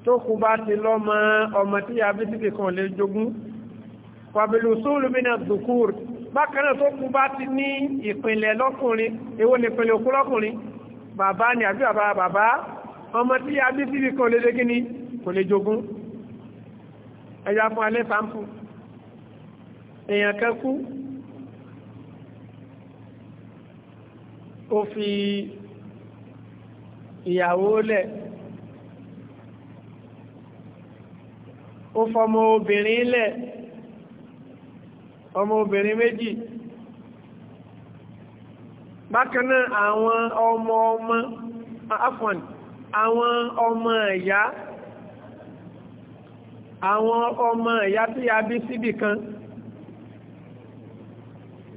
tó kú bá ti lọ́mọ ọmọ tí a bí títì kan lè jogún pàbílù sóòlùmínà dùkúr bákanáà tó kú bá ti ní ìpínlẹ̀ lọ́kùnrin èwo ni ìpínlẹ̀ òkú lọ́kùnrin bàbá ni àbí bàbá bàbá ọmọ tí a bí títì kan lè dégíní kò lè jogún ẹja fún alẹ́ sáńpù èèyàn kan ó fi ìyàwó lẹ̀ ó fọmọ obìnrin lẹ̀ ọmọ obìnrin méjì bákanáà àwọn ọmọ ọmọ afọ̀n àwọn ọmọ ẹ̀yà àwọn ọmọ ẹ̀yà tí a bí síbì kan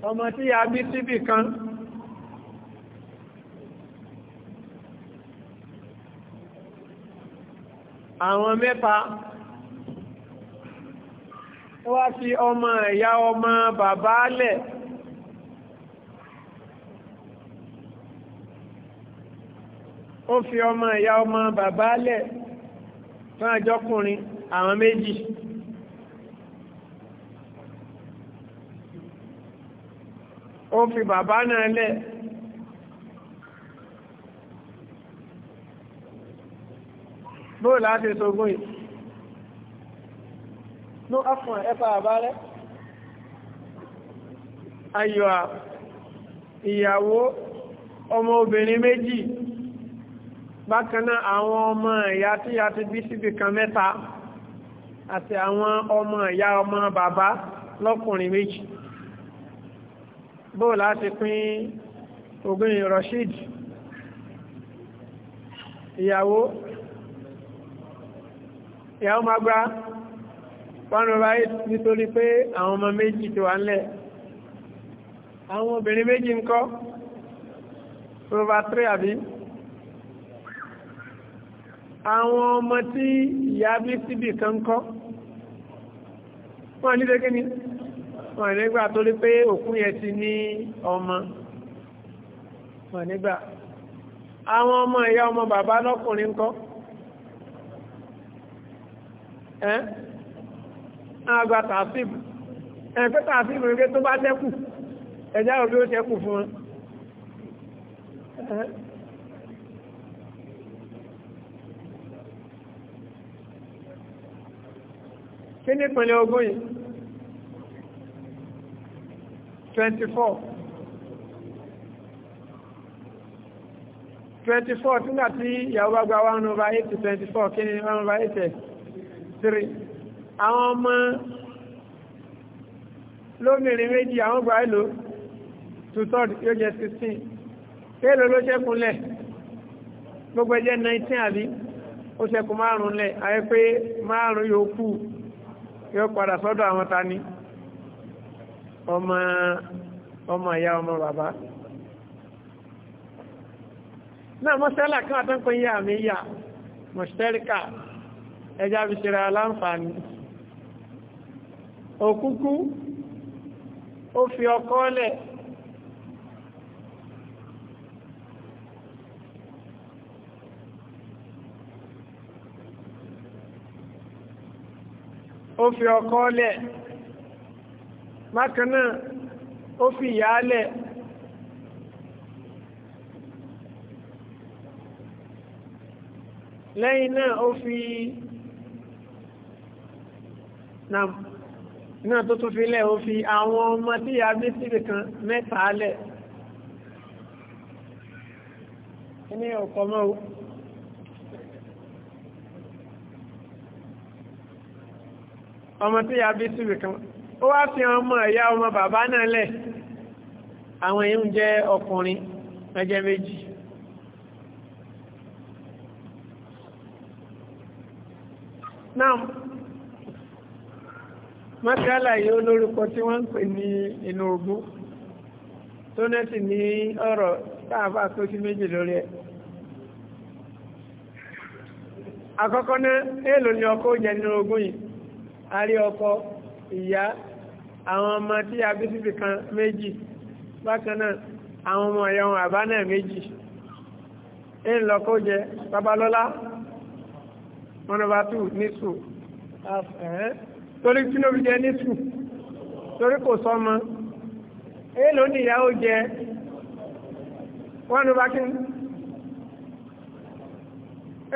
ọmọ tí a bí síbì kan àwọn mẹ́ta wá sí ọmọ ìyá ọmọ bàbá lẹ̀ ó fi ọmọ ìyá ọmọ bàbá lẹ̀ fún àjọkùnrin àwọn méjì ó fi bàbá náà lẹ̀ bóò láti sogún yìí ló afọ̀n ẹ̀fà àbárẹ́ ayọ̀à ìyàwó ọmọ obìnrin méjì bákanáà àwọn ọmọ ìyá tí a ti bí síbi kan mẹ́ta àti àwọn ọmọ ìyá ọmọ bàbá lọ́kùnrin méjì bóò láti pín ogún Rashid ìyàwó ìyàwó máa gba one over eight nítorí pé àwọn ọmọ méjì tó wà ńlẹ̀ àwọn obìnrin méjì ń kọ́ over three àbí àwọn ọmọ tí ìyá bí síbì kan kọ́ wọ́n ní lẹ́gẹ́ ni wọ́n nígbà tó rí pé òkú yẹn ti ní ọmọ wọ́n nígbà àwọn ọmọ ìyá ọmọ bàbá lọ́kùnrin kọ́ ẹ́ àgbà tààfíìmù ẹ̀ pé tààfíìmù ní pé tó bá tẹ́kù ẹ̀já òbí ó tẹ́kù fún wọn kí ní ìpínlẹ̀ ogún yìí 24 24 tí ìgbà tí ìyàwó bá gba 1 over 8 to 24 kí ni 1 over 8 ẹ̀ three àwọn ọmọ lómìnirin méjì àwọn gbà èlò two third yóò jẹ́ sixteen kéèlò ló ṣẹ́kùn lẹ̀ gbogbo ẹjẹ́ nineteen àbí ó ṣẹ́kùn márùn-ún lẹ̀ àyẹ pé márùn-ún yóò kù yóò padà sọ́dọ̀ àwọn tani ọmọ ọmọ ìyá ọmọ bàbá náà mọ́sálà kan àtọ́kùn yà mí yà mọ̀ṣẹ́ríkà ẹjá fi ṣe ra láǹfààní òkúkú ó fi ọkọ lẹ̀ ó fi ọkọ lẹ̀ bákan náà ó fi ìyá lẹ́yìn náà ó fi náà náà tó tún fi lẹ́ o fi àwọn ọmọ tí a bí síbi kan mẹ́ta lẹ̀ ní ọ̀pọ̀ mọ́ o ọmọ tí a bí síbi kan ó wá fi ọmọ ẹ̀yà ọmọ bàbá náà lẹ̀ àwọn èyí ń jẹ́ ọkùnrin ẹjẹ́ méjì náà mọ́ṣálà yìí olórúkọ tí wọ́n ń pè ní inú ogún tó nẹ́tì ní ọ̀rọ̀ táàbà tó sí méjì lórí ẹ̀ àkọ́kọ́ náà èèlò ni ọkọ jẹ nínú ogún yìí a rí ọkọ ìyá àwọn ọmọ tí a bí síbi kan méjì bákan náà àwọn ọmọ ọ̀yọ́ wọn àbá náà méjì èèlò ọkọ jẹ babalọ́lá one over two ní torí tí lóbi jẹ nísù torí kò sọmọ èèlò ní ìyàwó jẹ wọn ló bá kí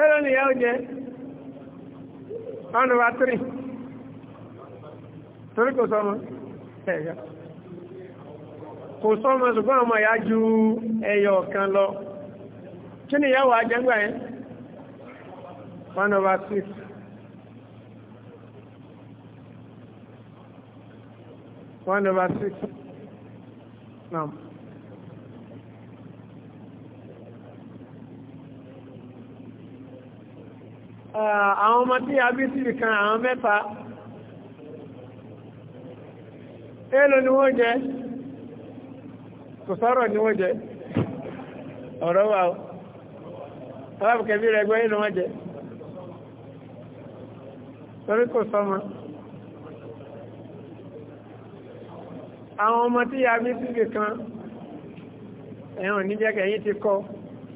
èèlò ní ìyàwó jẹ wọn ló bá tírì torí kò sọmọ ẹ̀yà kò sọmọ ṣùgbọ́n ọmọ ìyá ju ẹyọ kan lọ kí ni ìyàwó ajẹ́ngbà yẹn one over six one over six naam. Uh, àwọn ọmọ tí a bí síbi kan àwọn mẹ́ta èlò ni wọ́n jẹ́ kò sọ́rọ̀ ni wọ́n jẹ́ ọ̀rọ̀ wà ó bí rẹ̀ gbọ́ èlò wọ́n jẹ́ torí kò sọ́mọ́ àwọn ọmọ tí a bí síbì kan ẹ̀wọ̀n níjẹ́kẹ̀ yìí ti kọ́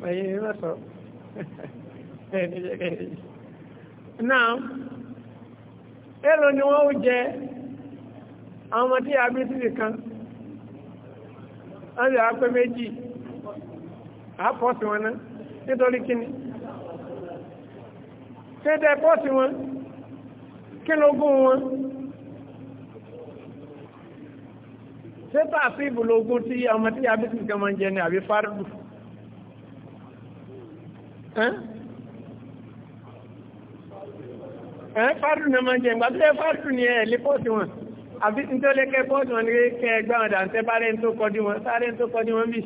ẹ̀yìn mẹ́sọ̀ níjẹ́kẹ̀ yìí náà èlò ni wọ́n ó jẹ àwọn ọmọ tí a bí síbì kan wọ́n lè apẹ́ méjì àpọ̀sí wọn náà nítorí kíni kéde pọ́sí wọn kí ló gún wọn. ṣé tààfí ìbùlógún tí ọmọ tí a bí sí nǹkan máa ń jẹ ní àbí fárúdù ẹ̀ fárúdù náà máa jẹ ìgbà tó yẹ fárúdù ni ẹ̀ lé pọ́ọ̀sì wọn àbí tí ó lé kẹ́ wọn ni kẹ́ ẹgbẹ́ wọn dàntẹ́ bá rẹ̀ tó kọjú wọn sáré tó kọjú wọn bí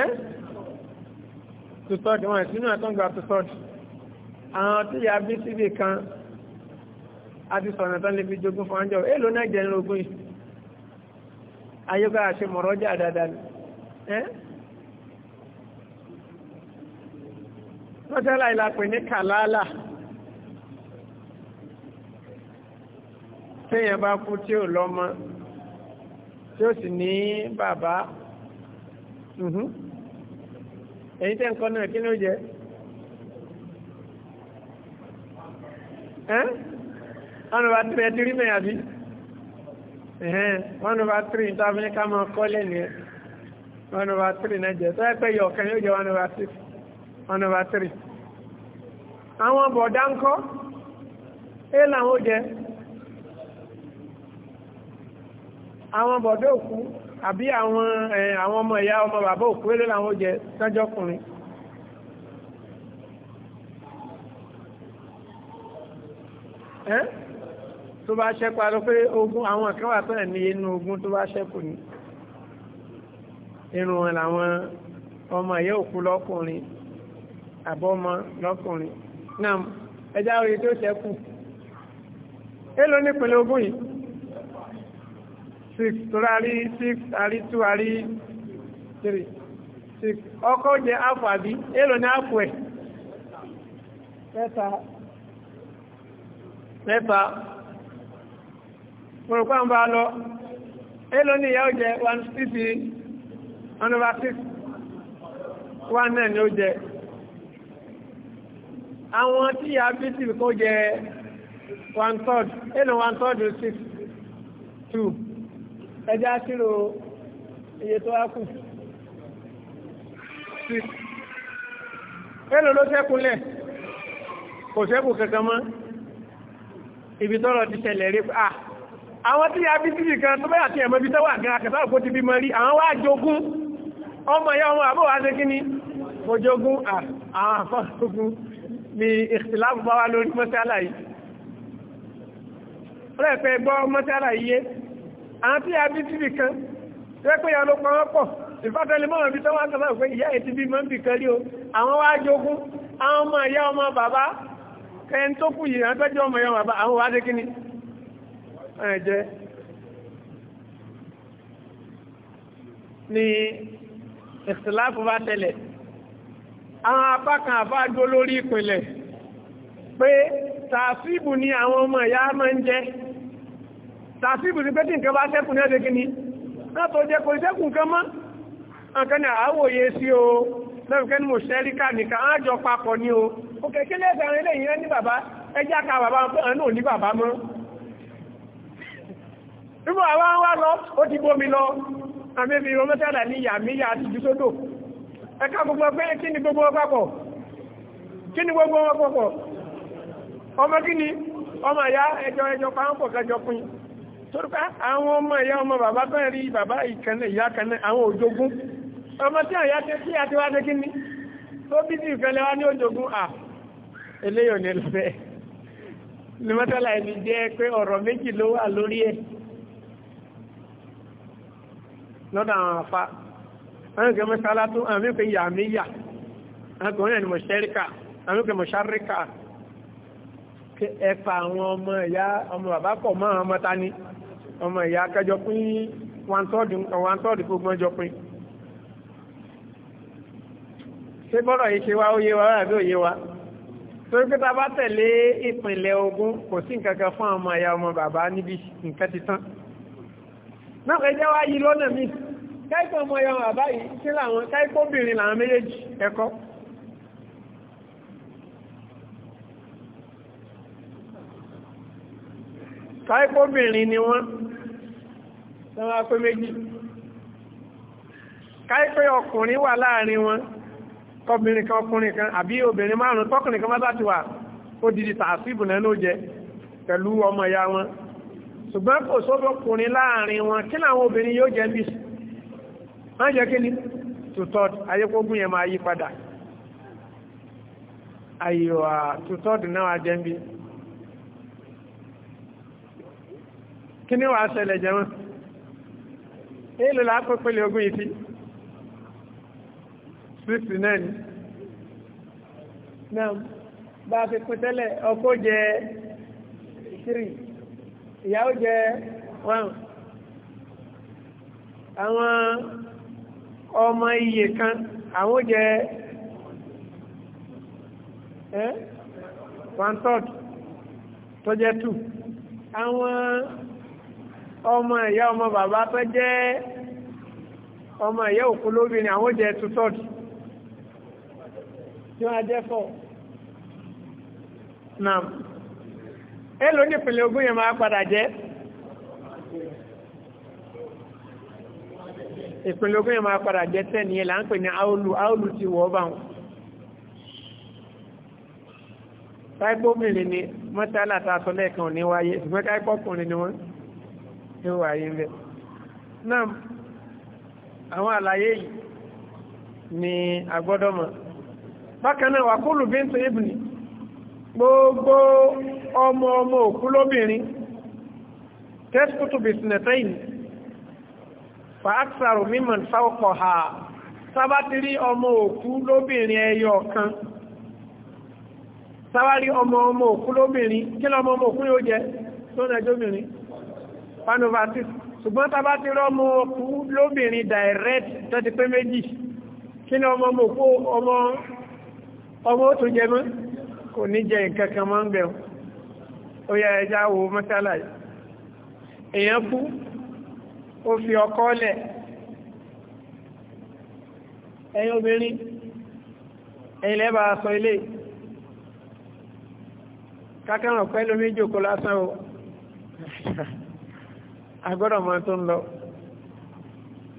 ẹ́ tó tọ́jú wọn ìsinú àtọ́gbà tó tọ́jú kan àti sọ̀nà tán lè fi jogún fún àjọ èlò náà jẹ́ nínú ogún yìí ayégbá àṣẹ mọ̀rọ́jà dáadáa ni mọ́sálà ìlàpẹ̀ ní kàlálà téèyàn bá kú tí ò lọ́mọ tí ó sì ní bàbá èyí tẹ́ nǹkan náà kí ló jẹ́ ẹ́ one over three ẹtí rí mẹ́yà bí one over three ní tábí ní ká máa kọ́ lẹ́nu ẹ̀ one over three náà jẹ́ tó yẹ pé yọ ọ̀kan yóò jẹ́ one over six one over three. àwọn bọ̀dá ń kọ́ é làwọn ó jẹ àwọn bọ̀dá òkú àbí àwọn ọmọ ìyá ọmọ bàbá òkú é làwọn ó jẹ sọ́jọ́kùnrin. Eh? tó bá ṣẹ́kù alọ́ pé ogun àwọn kan wà ní inú ogun tó bá ṣẹ́kù ni inú wọn làwọn ọmọ ìyá òkú lọ́kùnrin àbọ́mọ lọ́kùnrin náà ẹjá orí tó ṣẹ́kù èló nípìnlẹ̀ ogun yìí six tó six àrí two àrí three six ọkọ̀ jẹ́ àpò àbí èló ní àpò ẹ̀ mẹ́ta mẹ́ta mọ̀rùpá ń lọ èlò ní ìyá ó jẹ 160 106 one náà ni ó àwọn tí ìyá bísí kó jẹ one èlò one two ẹjá sílò iye tó wá kù six èlò ló ṣẹ́kùnlẹ̀ kò ṣẹ́kù kankan mọ́ ibi tọ́rọ̀ ti ṣẹlẹ̀ rí pé ah àwọn tí a bí síbì kan tó bẹ́ àti ẹ̀mọ́ ibi tó wà gan àkẹta òkú ti bí mọ́ rí àwọn wá jogún ọmọ ya ọmọ àbọ̀ wá sí kí ni mo jogún àwọn àfọ́sógún ni ìṣìláàbù bá wá lórí mọ́sálà yìí rẹ̀fẹ́ gbọ́ mọ́sálà yìí yé àwọn tí a bí síbì kan rẹ́ pé ya ló pa wọ́n pọ̀ ìfàtẹ́lẹ̀ mọ́ ibi tó wà kẹta òkú ìyá ètí bí mọ́ ń bì kan rí o àwọn wá jogún àwọn ọmọ ìyá ọmọ bàbá kẹ́ ẹ̀ ni ní ìsìláàfù bá tẹ̀lẹ̀ àwọn apákan àfáàgbó lórí ìpìnlẹ̀ pé tààfíìbù ni àwọn ọmọ ìyá máa ń jẹ́ tààfíìbù sí pé tí nǹkan bá sẹ́kùn ní ọdún kìíní náà jẹ́ kò sẹ́kùn kan mọ́ nǹkan ni àwòye sí o lẹ́fẹ̀kẹ́ ni mo nìkan á papọ̀ ní o òkèkélé ẹ̀sẹ̀ àwọn eléyìí ní bàbá ẹjá ka bàbá wọn pé àwọn náà ní bàbá mọ́ nígbà àwa wá lọ ó ti bómi lọ àmẹ́bí ọmọ sáàdà ní ìyàmíyà àti ìdúsódò ẹka gbogbo pé kí ni gbogbo ọpapọ̀ kí ni gbogbo ọpapọ̀ ọmọ kí ni ọmọ ìyá ẹjọ ẹjọ pàápọ̀ kẹjọ pin torí pé àwọn ọmọ ìyá ọmọ bàbá kan rí bàbá ìkànnì ìyá kan àwọn òjogún ọmọ tí àyà tẹ sí àti wá kí ni tó bí sí ìfẹ́lẹ́ wá ní òjogún à eléyò ní lọ́fẹ́ ni mọ́tàlá ẹni jẹ́ pé ọ̀rọ̀ méjì ló wà lórí ẹ̀ lọ́dọ̀ àwọn afá àwọn kẹ mọ́sálá tó àwọn mẹ́kọ̀ yà níyà àwọn kẹ wọ́n mọ̀ṣẹ́ríkà àwọn kẹ mọ̀ṣáríkà ẹ̀fà àwọn ọmọ ìyá ọmọ bàbá pọ̀ mọ́ àwọn ọmọ ta ni ọmọ ìyá kẹjọ pín one third one third gbogbo ọjọ́ pín ṣé bọ́rọ̀ yìí ṣe wá ó yé wa wá àbí òye wa torí pé ta bá tẹ̀lé ìpìnlẹ̀ ogun kò sí nǹkan kan fún ọmọ ìyá ọmọ bàbá níbi nǹkan ti tán náà ẹjẹ́ wá yí lọ́nà mi káìkọ́ ọmọ ẹyọ àbá yìí sí làwọn káìkọ́ obìnrin làwọn méjèèjì ẹ̀kọ́ káìkọ́ obìnrin ni wọ́n lọ́wọ́ apé méjì káìkọ́ ọkùnrin wà láàrin wọn kọbìnrin kan ọkùnrin kan àbí obìnrin márùn-ún tọkùnrin kan bá bá ti wà ó dìdì tààsíbù náà ló jẹ pẹ̀lú ọmọ ìyá wọn ṣùgbọ́n kò sóbọ́kùnrin láàrin wọn kí láwọn obìnrin yóò jẹ́ bí wọ́n jẹ́ kí ni tutọ́d ayékógún yẹn máa yí padà àyíwá tutọ́d náà jẹ́ bí kí ni wàá ṣẹlẹ̀ jẹun èèlò lápẹ́pẹ́lẹ̀ ogún yìí sí 69 náà bá a fi pín tẹ́lẹ̀ jẹ́ 3 ìyàwó jẹ wọn àwọn ọmọ iye kan àwọn jẹ eh? one third tó jẹ two àwọn ọmọ ìyá ọmọ bàbá tó jẹ ọmọ ìyá òkú ni àwọn jẹ two third tí wọ́n four. Naam. èlò nípìnlẹ̀ ogún yẹn máa padà jẹ́ ìpínlẹ̀ ogún yẹn máa padà jẹ́ tẹ́ni yẹn là ń pè ní aolu aolu ti wọ́ bá wọn. káípọ́bìnrin ni mọ́tálà tá a sọ lẹ́ẹ̀kan ò ní wáyé ṣùgbọ́n káípọ́kùnrin ni wọ́n ní wáyé ń bẹ̀. náà àwọn àlàyé yìí ni a mọ̀. bákan náà wàkúlù bíntu ibni gbogbo ọmọ ọmọ òkú lóbìnrin tẹ́sùkútù bìsìnẹ̀tẹ́yìn fàáksàrò mímọ̀n sáwọ́pọ̀ ha sábátírí ọmọ òkú lóbìnrin ẹyọ kan sáwárí ọmọ ọmọ òkú lóbìnrin kí lọ ọmọ ọmọ òkú yóò jẹ tó nẹjọ́bìnrin panovatis ṣùgbọ́n sábátírí ọmọ òkú lóbìnrin direct tó ti pé méjì kí ni ọmọ ọmọ òkú ọmọ ọmọ ó jẹ mọ́ kò ní jẹ nǹkan kan mọ́ ń bẹ̀rù ó yẹ ẹja wo mọ́sálà yìí èèyàn kú ó fi ọkọ lẹ̀ ẹ̀yin obìnrin ẹ̀yin lẹ́bàá aṣọ ilé kákẹ́ràn pẹ́lú mi jòkó lásán o agbọ́dọ̀ máa tó ń lọ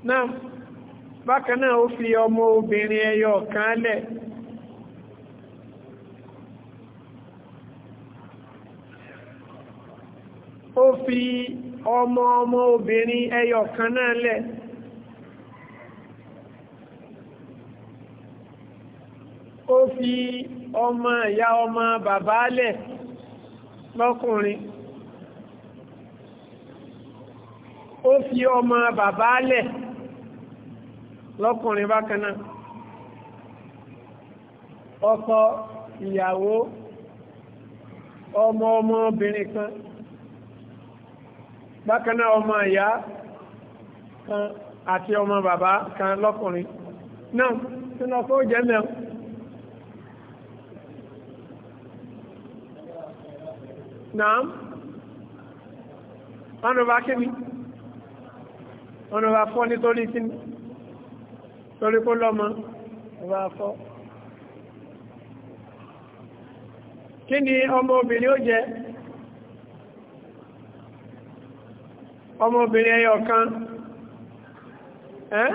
náà bákan náà ó fi ọmọ obìnrin ẹyọ kan lẹ̀ ó fi ọmọ ọmọ obìnrin ẹyọ kan náà lẹ̀ ó fi ọmọ ìyá ọmọ bàbá lẹ̀ lọ́kùnrin ó fi ọmọ bàbá lẹ̀ lọ́kùnrin bákan náà ọkọ ìyàwó ọmọ ọmọ obìnrin kan bákaná ọmọ ìyá kan àti ọmọ bàbá kan lọ́kùnrin náà tí wọ́n kó jẹ́ mẹ́rin náà ọ̀nà bá kí ni ọ̀nà bá fọ́ nítorí kí ni torí kó lọ́mọ ọba fọ́ kí ni ọmọ obìnrin ó jẹ́ ọmọbìnrin ẹyọ kan ẹ́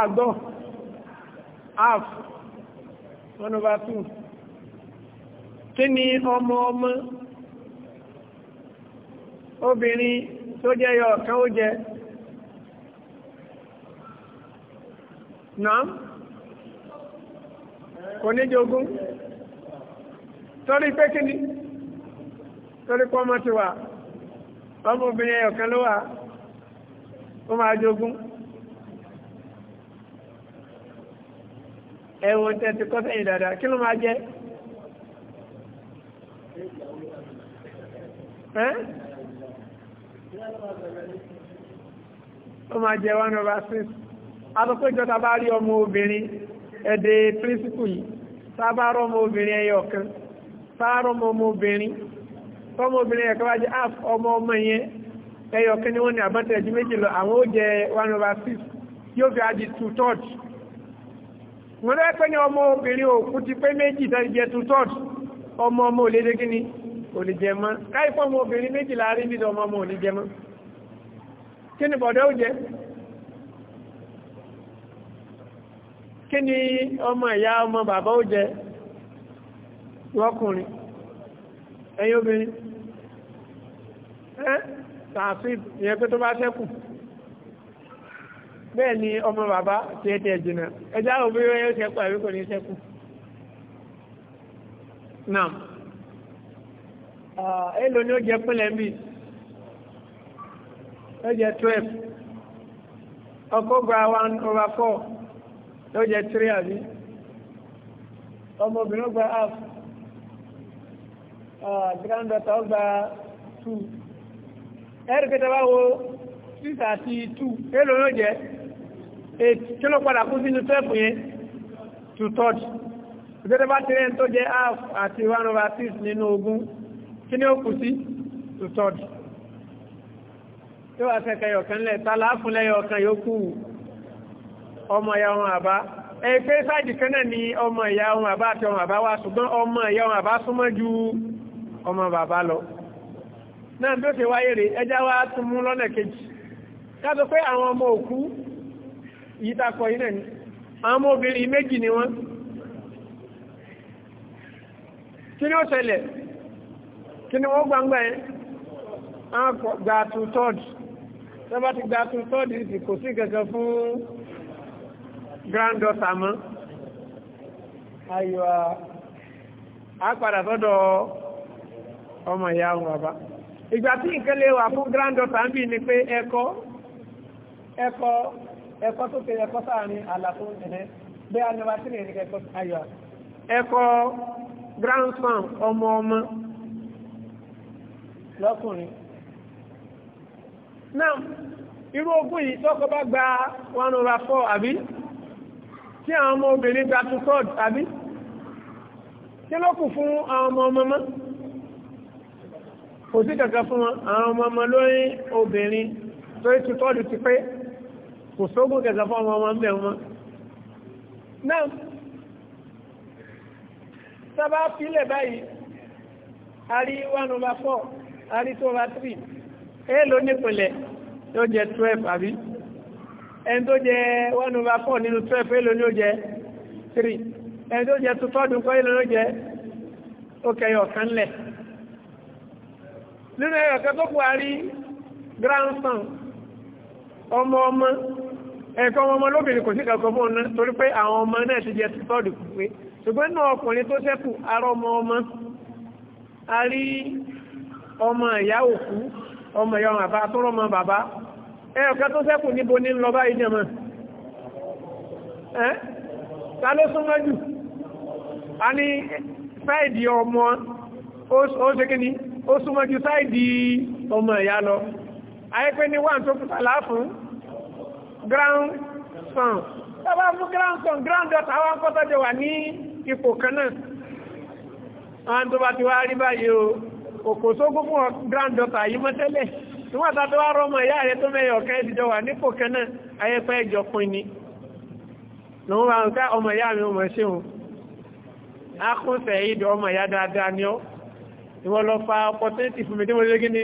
àgbọ́ half one over two kí ni ọmọ ọmọ obìnrin tó jẹ́ ẹyọ kan ó jẹ náà kò ní jogún torí pé kí ni torí pé ọmọ ti wà ọmọ obìnrin ẹ̀yọ̀kan ló wà ó máa jogún ẹ̀wọ̀n tẹ̀sí kọ́sẹ̀yìn dáadáa kí ló máa jẹ́ ó máa jẹ́ one over six alọ́pẹ́jọ́ ta bá rí ọmọ obìnrin ẹ̀dẹ̀ príncipù yìí tá bá rọ́ ọmọ obìnrin ẹ̀yọ̀kan tá rọ́ ọmọ obìnrin ọmọbìnrin ẹ̀kọ́ wá jẹ́ half ọmọ ọmọ yẹn ẹyọ kí ni wọ́n ní àbọ́tẹ̀ ẹ̀jú méjì lọ àwọn ó jẹ one over six yóò fi àjì two third wọ́n lọ́wọ́ pé ní ọmọ obìnrin òkú ti pé méjì tàbí jẹ two third ọmọ ọmọ ò lè dé kíni ò lè méjì láàrin nídìí ọmọ ọmọ ò kí ni bọ̀dọ̀ ó jẹ kí ni ọmọ ìyá ọmọ bàbá ó jẹ wọ́kùnrin ẹ̀yin tààfíìb ìyẹn pé tó bá ṣẹ́kù bẹ́ẹ̀ ni ọmọ bàbá ti ẹ̀tẹ̀ jìnà ẹjá òbí rẹ̀ yóò ṣẹ́kù àbí kò ní ṣẹ́kù náà èlò ni ó jẹ pínlẹ̀ mí ó jẹ 12 ọkọ̀ gba 1 over 4 ó jẹ 3 àbí ọmọbìnrin gba half granddaughter gba 2 ẹ̀rì pé tẹ́wàá wo 6 àti 2 èlò ló jẹ́ 8 kí ló padà kú sínú 12 yẹn to touch ìgbẹ́tẹ́ bá tẹ́rẹ́ tó jẹ́ half àti 1 over 6 nínú ogún kí ni ó kù sí to touch yóò wá fẹ́kẹ́ yọ̀kan lẹ̀ tààlà fún lẹ́yọ̀kan yóò kú ọmọ ìyá wọn àbá ẹgbẹ́ sáàdì kan náà ni ọmọ ìyá wọn àbá àti ọmọ àbá wá ṣùgbọ́n ọmọ ìyá wọn àbá súnmọ́ ju ọmọ bàbá lọ náà bí ó ṣe wáyé rè ẹjá wá tún mú lọ́nà kejì káàtó pé àwọn ọmọ òkú yìí takọ̀ yìí náà ni àwọn ọmọ obìnrin méjì ni wọ́n kí ni ó ṣẹlẹ̀ kí ni wọ́n gbangba yẹn àwọn gbà tún tọ́ọ̀dù sọ́dọ̀ ọmọ ìyá wọn bàbá ìgbà tí nǹkan lè wà fún granddaughter ń bì ni pé ẹ̀kọ́ ẹ̀kọ́ ẹ̀kọ́ tó kéré ẹ̀kọ́ sáàrin àlàfo ẹ̀hẹ́ bí a nọba sílẹ̀ ní ẹ̀kọ́ ayọ̀ ẹ̀kọ́ grandson ọmọ ọmọ lọ́kùnrin náà irú ogún yìí tọ́kọ bá gba one over four àbí tí àwọn ọmọ obìnrin gba two third àbí kí ló kù fún àwọn ọmọ ọmọ mọ́ kò sí kankan fún wọn àwọn ọmọ ọmọ lóyìn obìnrin tó ti tọ́jú ti pé kò sógún kankan fún ọmọ ọmọ ń bẹ̀ wọn náà sábà fílẹ̀ báyìí a rí 1 over 4 a rí 2 over 3 èèlò nípìnlẹ̀ yóò jẹ 12 àbí ẹni tó jẹ 1 over 4 nínú 12 èèlò ní ó jẹ 3 ẹni tó jẹ 2 tọ́dún kọ́ èèlò ní ó jẹ ó kẹyọ kan nínú ẹ̀yọ̀kẹ́ tó kù àrí grandson ọmọ ọmọ ẹ̀kọ́ ọmọ lóbìnrin kò sí kẹ́kọ̀ọ́ fún ọ̀nà torí pé àwọn ọmọ náà ti jẹ tọ́ọ̀dù pé ṣùgbọ́n náà ọkùnrin tó sẹ́kù arọ ọmọ ọmọ a rí ọmọ ìyá òkú ọmọ ìyá ọmọ bàbá tó rọmọ bàbá ẹ̀yọ̀kẹ́ tó sẹ́kù níbo ní lọ báyìí jẹ́mọ̀ ẹ́ ta ló súnmọ́ jù a ní fẹ́ẹ̀dì ọmọ ó ṣe kí ni ó súnmọ́ ju sáìdì ọmọ ìyá lọ ayépé ní wà tó kúta láàfún ground son tọ́bá fún ground son grand dot àwọn akọ́tọ́ jẹ wà ní ipò kan náà àwọn tó bá ti wá rí báyìí o òkò sógún fún ground dot àyí mọ́ tẹ́lẹ̀ níwọ̀n tó wá rọmọ ìyá rẹ ọmọ ìyá mi ọmọ ṣéun ìwọ lọ fa opportunity fún mi tí mo lé gíní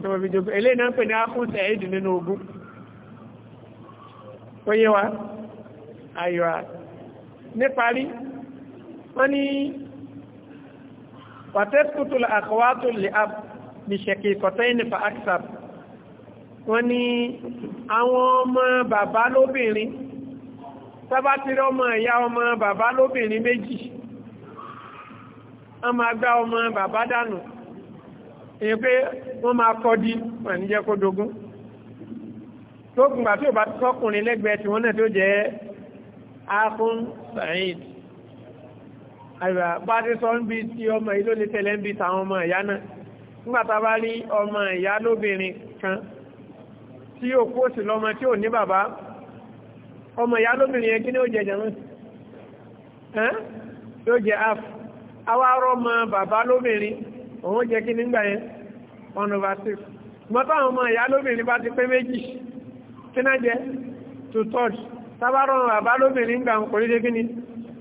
tí mo fi jogun eléyìí náà ń pè ní akún sẹ́ẹ̀dì nínú ogun ó yé wa ayọ̀ra níparí wọ́n ní pàtẹ́kùtù àkọwàtò lè ab ní ṣẹ̀kì kọ̀tẹ́ nípa aksab wọ́n ní àwọn ọmọ bàbá lóbìnrin sábàtìrì ọmọ ìyá ọmọ bàbá lóbìnrin méjì wọ́n máa gbá ọmọ bàbá dànù èyí pé wọ́n máa kọ́ di wọ́n ní jẹ́ kó dogun tó gbùngbà tí ò bá tọ́kùnrin lẹ́gbẹ̀ẹ́ tí wọ́n náà tó jẹ́ ákún sàáyìn àìbà bá ti sọ ń bí tí ọmọ yìí ló lè tẹ̀lé ń bí tàwọn ọmọ ìyá náà nígbàtà bá rí àwa rọ́mọ bàbá lóbìnrin òun jẹ́ kí nígbà yẹn one over six ṣùgbọ́n táwọn ọmọ ìyá lóbìnrin bá ti pé méjì kí náà jẹ́ two thirds sábà rọ́mọ bàbá lóbìnrin gbà ń kò ní jẹ́ kí ni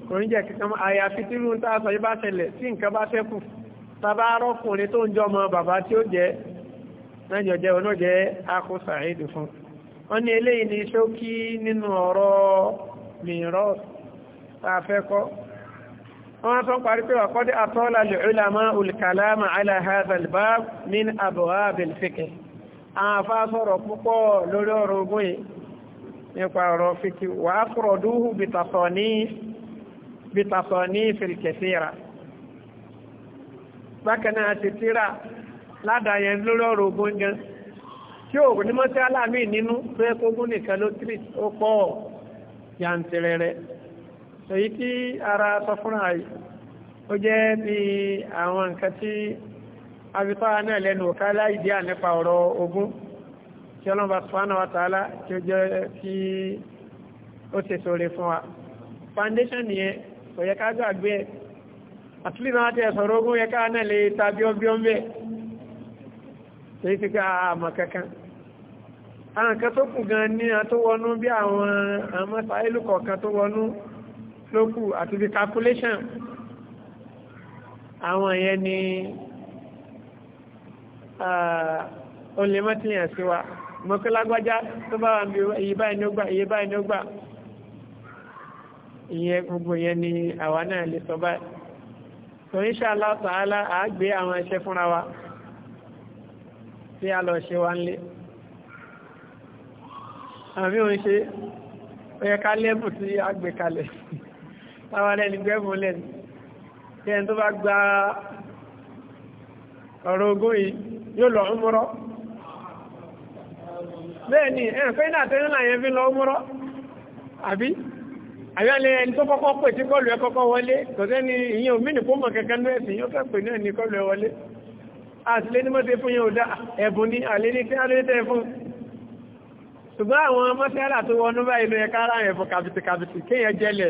kò ní jẹ́ kíkan àyàfi tí irú ta sọ yí bá tí nǹkan bá ṣẹ́kù sábà rọ́kùnrin tó ń jọ ọmọ bàbá tí ó jẹ́ mẹ́jọ jẹ́ oná jẹ́ akó sàáìdù fún wọ́n ní eléyìí ni ṣókí nínú ọ̀rọ̀ mìíràn tá a fẹ́ kọ́ wọ́n tó ń parí pé wàkọ́dé àtọ́lá lè'úlàmá olùkàlámà aláhàzàlbá min àbúwá belfike àfá sọ̀rọ̀ púpọ̀ lórí ọ̀rọ̀ ogun yìí nípa ọ̀rọ̀ fíkí wà á kúrọ̀ dúhù bìtàtọ̀ ní filkesira bákaná ti tíra ládàáyẹ lórí ọ̀rọ̀ ogun èyí tí ara sọ fúnra yìí ó jẹ́ bí àwọn nǹkan tí abipá náà lẹ́nu ọ̀ká láìdí ànípa ọ̀rọ̀ ogún tí ọlọ́mọba sùpánà wa tí ó jẹ́ kí ó ṣe sóre fún wa foundation nìyẹn kò yẹ ká gbàgbé ẹ̀ àtúlì ẹ̀sọ̀rọ̀ yẹ ká náà ta bíọ́bíọ́m bẹ́ẹ̀ lókù àti bí calculation àwọn yẹn ni uh, ó lè mọ́ tìyàn sí wa mọ́kílágbájá tó bá wà bí iye báyìí ní ó gbà iye báyìí ní ó gbà ìyẹn gbogbo yẹn ni àwa náà lè sọ báyìí so inshallah ta'ala àágbé àwọn iṣẹ́ fúnra wa tí a lọ ṣe wá ń lé àmì òun ṣe ó yẹ ká lẹ́bù tí a gbé kalẹ̀ sí táwọn alẹ́ ní gbẹ́mù lẹ́nu tí ẹni tó bá gba ọ̀rọ̀ ogún yìí yóò lọ ọmọrọ́ bẹ́ẹ̀ ni ẹ̀rùn pé náà tẹ́lẹ̀ náà yẹn fi lọ ọmọrọ́ àbí àbí alẹ́ ẹni tó kọ́kọ́ pè tí kọlù ẹ kọ́kọ́ wọlé kò sẹ́ni ìyẹn òmìnir kó mọ̀ kẹ́kẹ́ ní ẹ̀sìn yóò fẹ́ pè náà ní kọlù ẹ wọlé àtìlẹ́ ní mọ́tẹ́ fún yẹn ò dá ẹ̀bùn ní àlẹ́ ní kí á lé tẹ́ fún ṣùgbọ́n àwọn mọ́tẹ́ tó wọnú báyìí ló yẹ ká ara yẹn fún jẹ́lẹ̀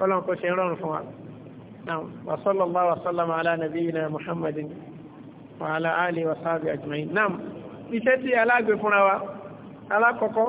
kọ́lọ́n kó ṣe rọrùn fún wa wa sallallahu wa sallama ala nabiyyina muhammadin wa ala alihi wa sahbihi ajma'in naam iṣẹ́ tí alágbè fúnra wa alákọ̀ọ́kọ́